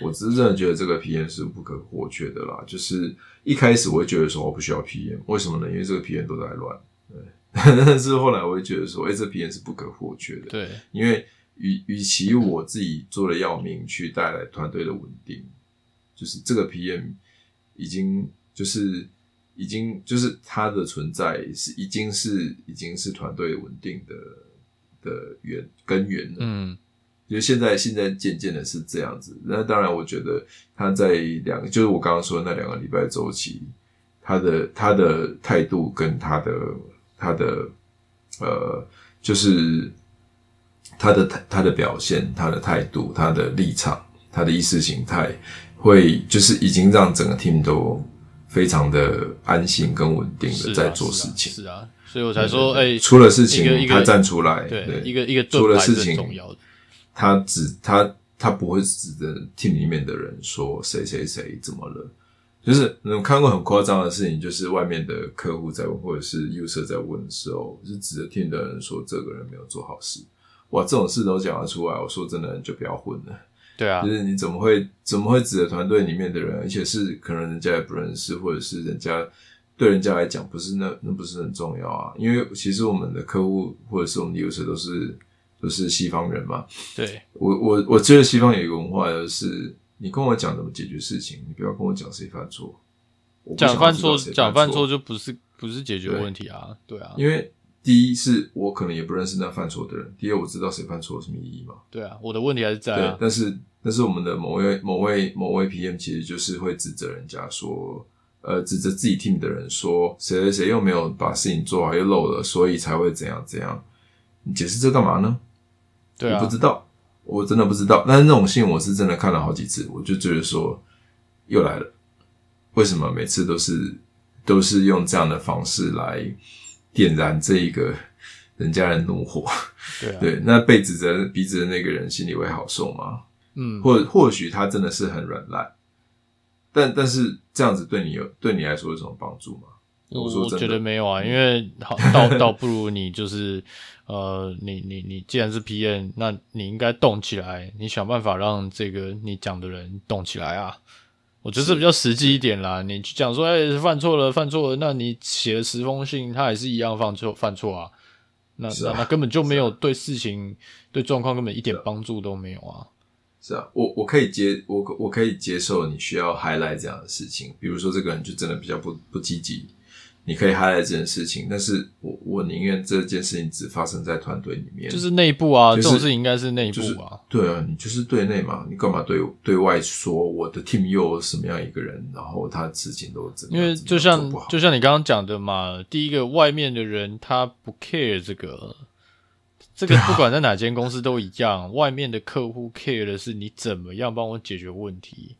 S2: 我是真的覺得這個 PM 是不可或缺的啦。就是一開始我會覺得說我不需要 PM，為什麼呢？因為這個 PM 都在亂。對，但是後來我也覺得說，哎、欸，這個、PM 是不可或缺的。對，因為與與其我自己做得要命去帶來團隊的穩定，嗯、就是這個 PM 已經就是已經就是它的存在是已經是已經是團隊穩定的的源根源了。嗯。就現在，現在漸漸的是這樣子。那當然，我覺得他在兩個，就是我剛剛說的那兩個禮拜週期，他的他的態度跟他的他的呃，就是他的他的表現、他的態度、他的立場、他的意識形態，會就是已經讓整個 team 都非常的安心跟穩定的在做事情。是啊，是啊。是啊，所以我才說，哎、嗯，欸，出了事情，一個一個他站出來，對，對一個，一個一個出了事情重要的。他只他他不會指着 team 裡面的人說誰誰誰怎麼了，就是你們看過很誇張的事情，就是外面的客戶在問或者是 user 在問的時候，是指着 team 的人說這個人沒有做好事，哇，這種事都講得出來，我說真的你就不要混了。對啊，就是你怎麼會怎麼會指着團隊裡面的人啊，而且是可能人家也不認識，或者是人家對人家來講不是那那不是很重要啊，因為其實我們的客戶或者是我們的 user 都是。不是西方人嘛？對我我我覺得西方有一個文化是，就是你跟我講怎麼解決事情，你不要跟我講誰犯錯。犯錯講犯錯，講犯錯就不是不是解決問題啊。對，對啊。因為第一是我可能也不認識那犯錯的人，第二我知道誰犯錯有什麼意義
S1: 嘛？對啊，我的問題還是在啊。對。
S2: 但是但是我們的某位某位某位 PM 其實就是會指責人家說，呃，指責自己 team 的人說誰誰誰又沒有把事情做好又漏了，所以才會怎樣怎樣。你解釋這幹嘛呢？對啊、我不知道，我真的不知道。但是那種信我是真的看了好幾次，我就覺得說，又來了。為什麼每次都是都是用這樣的方式來點燃這一個人家的怒火？對，啊、對，那被指著、鼻子的那個人心裡會好受嗎？嗯，或或許他真的是很軟爛，但但是這樣子對你有對你來說有什麼幫助嗎？我，我覺得沒有啊，因為好，倒倒
S1: 不如你就是 [LAUGHS] 呃，你你你，你既然是 PM，那你應該動起來，你想辦法讓這個你講的人動起來啊。我覺得這比較實際一點啦。是你講說哎，欸，犯錯了，犯錯了，那你寫了十封信，他也是一樣犯錯，犯錯啊。那是啊，那根本就沒有對事情、啊，對狀況根本一點幫助都沒有啊。
S2: 是啊，我我可以接我我可以接受你需要 highlight 這樣的事情。比如說這個人就真的比較不不積極。你可以害了這件事情，但是我我寧願這件事情只發生在團隊裡面，就是內部啊，就是、這種事情
S1: 應該是內部啊、就是。對啊，你就是對內嘛，你幹
S2: 嘛對對外說我的 team 又有什麼樣一個人，然後他事情都怎麼樣？因為
S1: 就像就像你剛剛講的嘛，第一個外面的人他不 care 這個，這個不管在哪間公司都一樣， [LAUGHS] 外面的客戶 care 的是你怎麼樣幫我解決問題。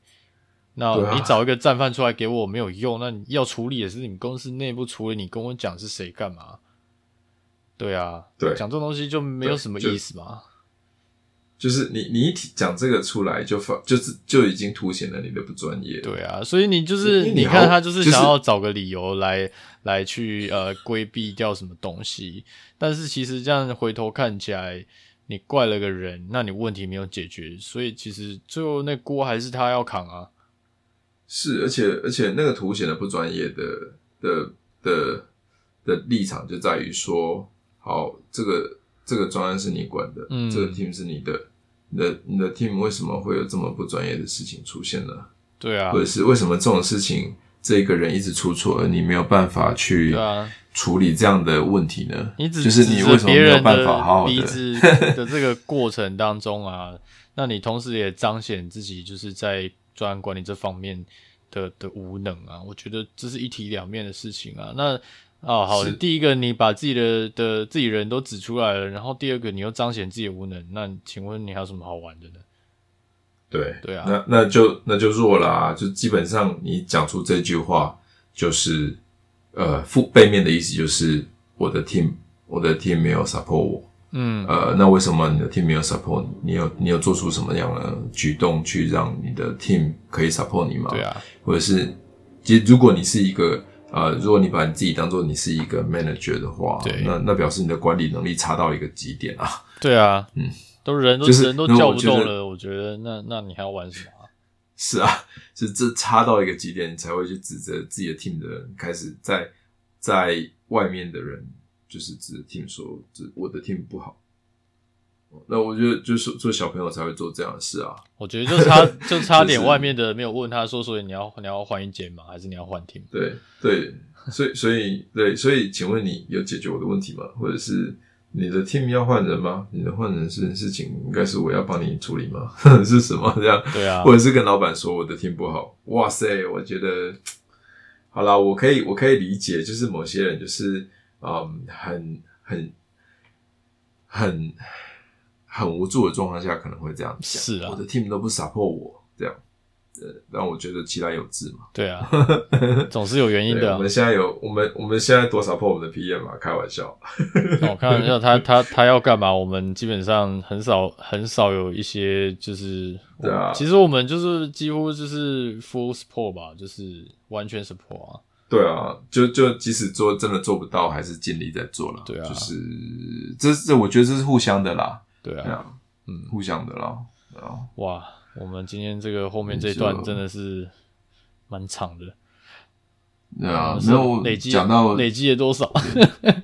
S1: 那對啊，你找一個戰犯出來給我，我沒有用，那你要處理也是你公司內部處理，你跟我講是誰幹嘛？對啊，對，講這東西就沒有什麼意思嘛。就，
S2: 就是你你一講這個出來就，就發就是就已經凸
S1: 顯了你的不專業。對啊，所以你就是你，你看他就是想要找個理由來、就是、來，來去呃規避掉什麼東西，但是其實這樣回頭看起來你怪了個人，那你問題沒有解決，所以其實最後那鍋還是他要扛啊。
S2: 是，而且而且那個凸顯得不專業的的的的立場就在於說，好，這個這個專案是你管的，嗯，這個 team 是你的，你的你的 team 為什麼會有這麼不專業的事情出現呢？對啊，或者是為什麼這種事情這個人一直出錯，而你沒有辦法去對、啊、處理這樣的問題呢？你只就是你為什麼沒有辦法好好的的，鼻子
S1: 的這個過程當中啊？ [LAUGHS] 那你同時也彰顯自己就是在。專案管理這方面的的無能啊，我覺得這是一體兩面的事情啊。那哦好，是第一個你把自己的的自己人都指出來了，然後第二個你又彰顯自己的無能，那請問你還有什麼好玩的呢？對對啊，那那就
S2: 那就弱了啊！就基本上你講出這句話，就是呃負背面的意思就是我的 team 我的 team 沒有 support 我。嗯，呃，那為什麼你的 team 沒有 support 你？你有你有做出什麼樣的舉動去讓你的 team 可以 support 你嗎？對啊，或者是，其實如果你是一個呃，如果你把你自己當做你是一個 manager 的話，對，那那表示你的管理能力差到一個極點啊。
S1: 對啊，嗯，都人都，就是，人都叫不動了，我，我覺得那那你還要玩什麼啊？
S2: 是啊，就是這差到一個極點，你才會去指責自己的 team 的人，開始在在外面的人。就是只是聽說，就是、我的聽不好、哦。那我覺得就是做小朋友才會做這樣的事啊。我覺得就是他， [LAUGHS] 就是、就差點，外
S1: 面的沒有問他說，所以你要你要換一間嗎？還是你要換聽？對
S2: 對，所以所以對所以，請問你有解決我的問題嗎？或者是你的聽 m 要換人嗎？你的換人事事情應該是我要幫你處理嗎？ [LAUGHS] 是什麼這樣？對啊，或者是跟老板說我的聽不好？哇塞，我覺得好了，我可以我可以理解，就是某些人就是。嗯、um, 很很很很無助的狀況下，可能會這樣講。是啊，我的 team 都不 support 我，這樣，呃，讓我覺得其來有自嘛。對啊， [LAUGHS] 總是有原因的。啊。我們現在有我們，我們現在多少 support 我們的 PM 啊？開玩笑，
S1: 我開玩笑。哦，他，他他他要幹嘛？我們基本上很少很少有一些就是，對啊。其實我們就是幾乎就是 full support 吧，就是完全 support 啊。對啊，就就即
S2: 使做真的做不到，還是盡力在做了。對啊，就是這這，這我覺得這是互相的啦。對啊，對啊嗯，互相的啦。啊、嗯，
S1: 哇，我們今天這個後面這一段真的是就蠻長的。對啊，然後累積累積了多少？
S2: 哎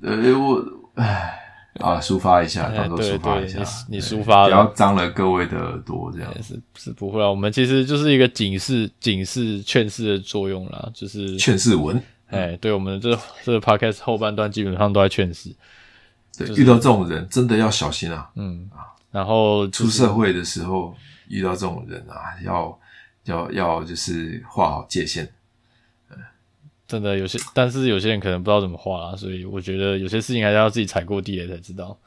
S2: 累、 [LAUGHS] 呃，我哎啊，抒發
S1: 一下，當做抒發一下。哎、你，你抒發了，不要髒了各位的耳朵，這樣、哎、是是不會啊。我們其實就是一個警示、警示、勸世的作用啦，就是勸世文。哎，對我們這這個 podcast 後半段基本上都在勸世。對，就是、遇到這種人
S2: 真的要小心啊。
S1: 嗯啊，然後、就是、出社會
S2: 的時候遇到這種人啊，要要要就是劃好界限。真的有
S1: 些，但是有些人可能不知道怎麼畫啦。所以我覺得有些事情還是要自己踩過地雷才知道。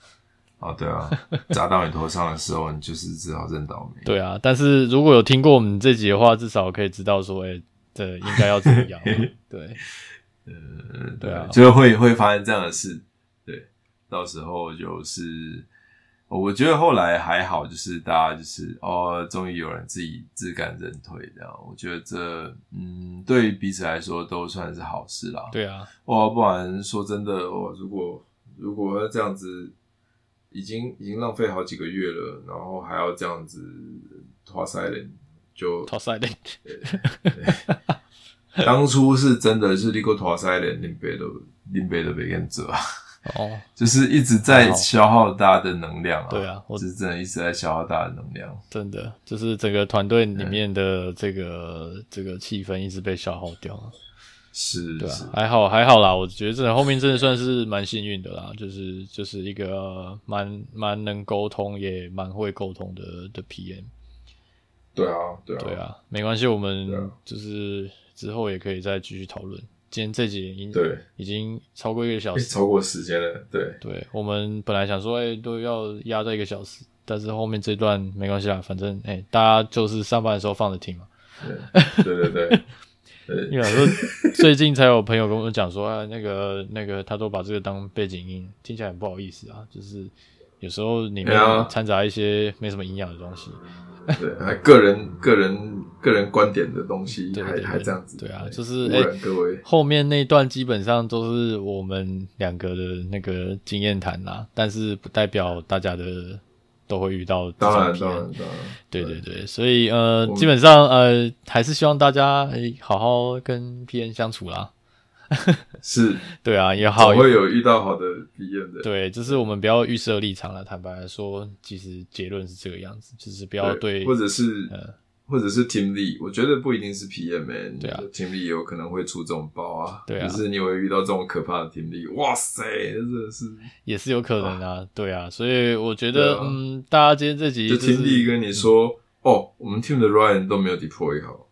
S1: 好、哦、對啊，砸到你頭上的時候， [LAUGHS] 你就是只好認倒霉。對啊，但是如果有聽過我們這集的話，至少可以知道說，哎、欸，這應該要怎麼樣 [LAUGHS] 對、呃，對，呃，
S2: 對啊，就會 [LAUGHS] 會發生這樣的事。對，到時候就是。我覺得後來還好，就是大家就是哦，終於有人自己自甘認退，這樣我覺得這嗯，對於彼此來說都算是好事啦。對啊，哇，不然說真的，哇，如果如果這樣子已，已經已經浪費好幾個月了，然後還要這樣子 t s 拖屎連，
S1: 就 t s 拖屎連，
S2: [LAUGHS] 當初是真的、就是立過拖屎連，林北都林北都被跟做哦，就是一直在消耗大家的能量啊！對啊，我只是真的一直在消耗大家的能量，
S1: 真的就是整個團隊裡面的這個、嗯、這個氣氛一直被消耗掉。是，對啊，是還好還好啦，我覺得這後面真的算是蠻幸運的啦，是，就是就是一個蠻蠻、呃、能溝通也蠻會溝通的的 PM。對啊，對啊，對啊，沒關係，我們就是之後也可以再繼續討論。今天這幾個音對已經超過一個小時，超過時間了。對對，我們本來想說，欸、都要壓在一個小時，但是後面這段沒關係啦，反正哎、欸，大家就是上班的時候放着聽嘛。對對對，因為說最近才有朋友跟我們講說，哎、欸，那個那個，他都把這個當背景音，聽起來很不好意思啊，就是有時候裡面摻雜一些沒什麼營養的東西。
S2: [LAUGHS] 對，個人、個人、個人觀點的東西還，還還這樣子。對，對啊，就
S1: 是後面那段基本上都是我們兩個的那個經驗談啦，但是不代表大家的都會遇到。當然，當然，當然。對對對，然所以呃，我 基本上呃，還是希望大家好好跟 PM 相處啦。 [LAUGHS] 是，對啊，也好會有遇到好的 PM 的，對，就是我們不要預設立場了。坦白來說，其實結論是這個樣子，就是不要對，對或者是，
S2: 嗯、或者是 t i m e e 我覺得不一定是 PM，對啊 t i m l e 也有可能會出這種包啊，對啊，就是你會遇到這種可怕的 t i m e e 哇塞，真的是，
S1: 也是有可能啊，啊對啊，所以我
S2: 覺得，啊、嗯，
S1: 大家今天這集 t i m e
S2: e 跟你說，嗯、哦，我們 t i m 的 Ryan 都沒有 deploy 好。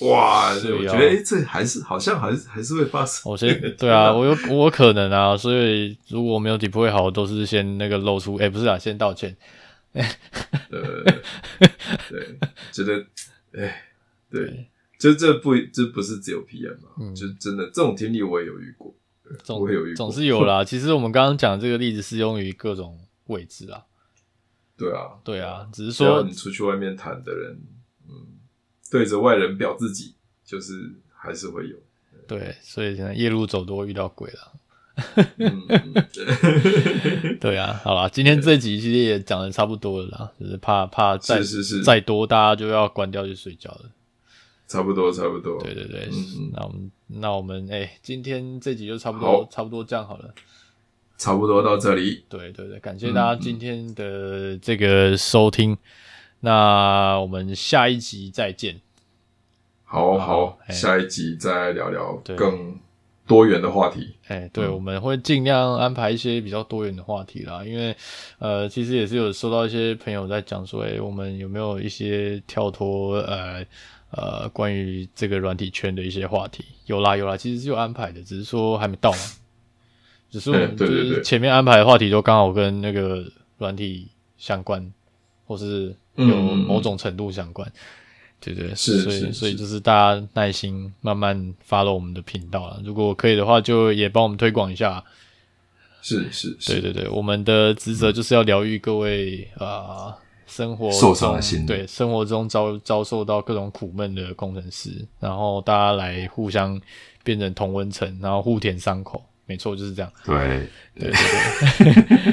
S2: 哇，我覺得這還是好像還是還是會發
S1: 生。我先對啊，我有我可能啊，所以如果沒有 deploy 好，都是先那個露出。哎，不是啊，先道歉。對，
S2: 覺得哎，對，就這不這不是只有 PM 嘛，就真的這種經歷我也有遇過，總會有遇，總是有啦。
S1: 其實我們剛剛講的這個例子適用於各種位置啊。
S2: 對啊，對啊，只是說你出去外面談的人。對着外人表自己，就是還是會有。
S1: 對，所以現在夜路走多，遇到鬼啦。對啊，好啦，今天這集其實也講得差不多了啦，就是怕怕再再多，大家就要關掉去睡覺了。差不多，差不多。對對對，那我們那我們哎，今天這集就差不多，差不多這樣好了。差不多到這裡。對對對，感謝大家今天的這個收聽，那我們下一集再見。好好，哦欸、下一集再聊聊更
S2: 多元的話題。哎、欸，對，嗯、我們
S1: 會盡量安排一些比較多元的話題啦，因為呃，其實也是有收到一些朋友在講說，哎、欸，我們有沒有一些跳脫呃呃關於這個軟體圈的一些話題？有啦有啦，其實是有安排的，只是說還沒到嘛。欸、對對對，只是我們就是前面安排的話題都剛好跟那個軟體相關，或是有某種程度相關。嗯嗯嗯對對是，所以是所以就是大家耐心慢慢 follow 我們的頻道了。是如果可以的話，就也幫我們推廣一下是。是是，對對對，我們的職責就是要療癒各位啊、嗯呃，生活受傷的心，對生活中遭、遭受到各種苦悶的工程師，然後大家來互相變成同溫層，然後互舔傷口，沒錯就是這樣。對，對對對。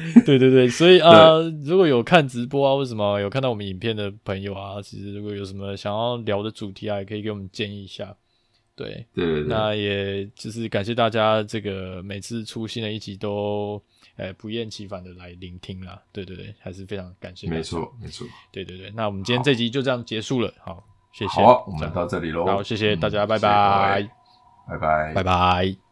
S1: [LAUGHS] [LAUGHS] 對對對，所以啊對、呃，如果有看直播啊，或者什麼有看到我們影片的朋友啊，其實如果有什麼想要聊的主題啊，也可以給我們建議一下。對，對，對，對，那也就是感謝大家這個每次出新的一集都呃不厭其煩的來聆聽啦。對對對，還是非常感謝。沒錯，沒錯。對對對，那我們今天這集就這樣結束了，好，好，謝謝。好，啊，我們到這裡嘍。樣嗯、好，謝謝大家，嗯、拜拜，拜拜，拜拜。拜拜。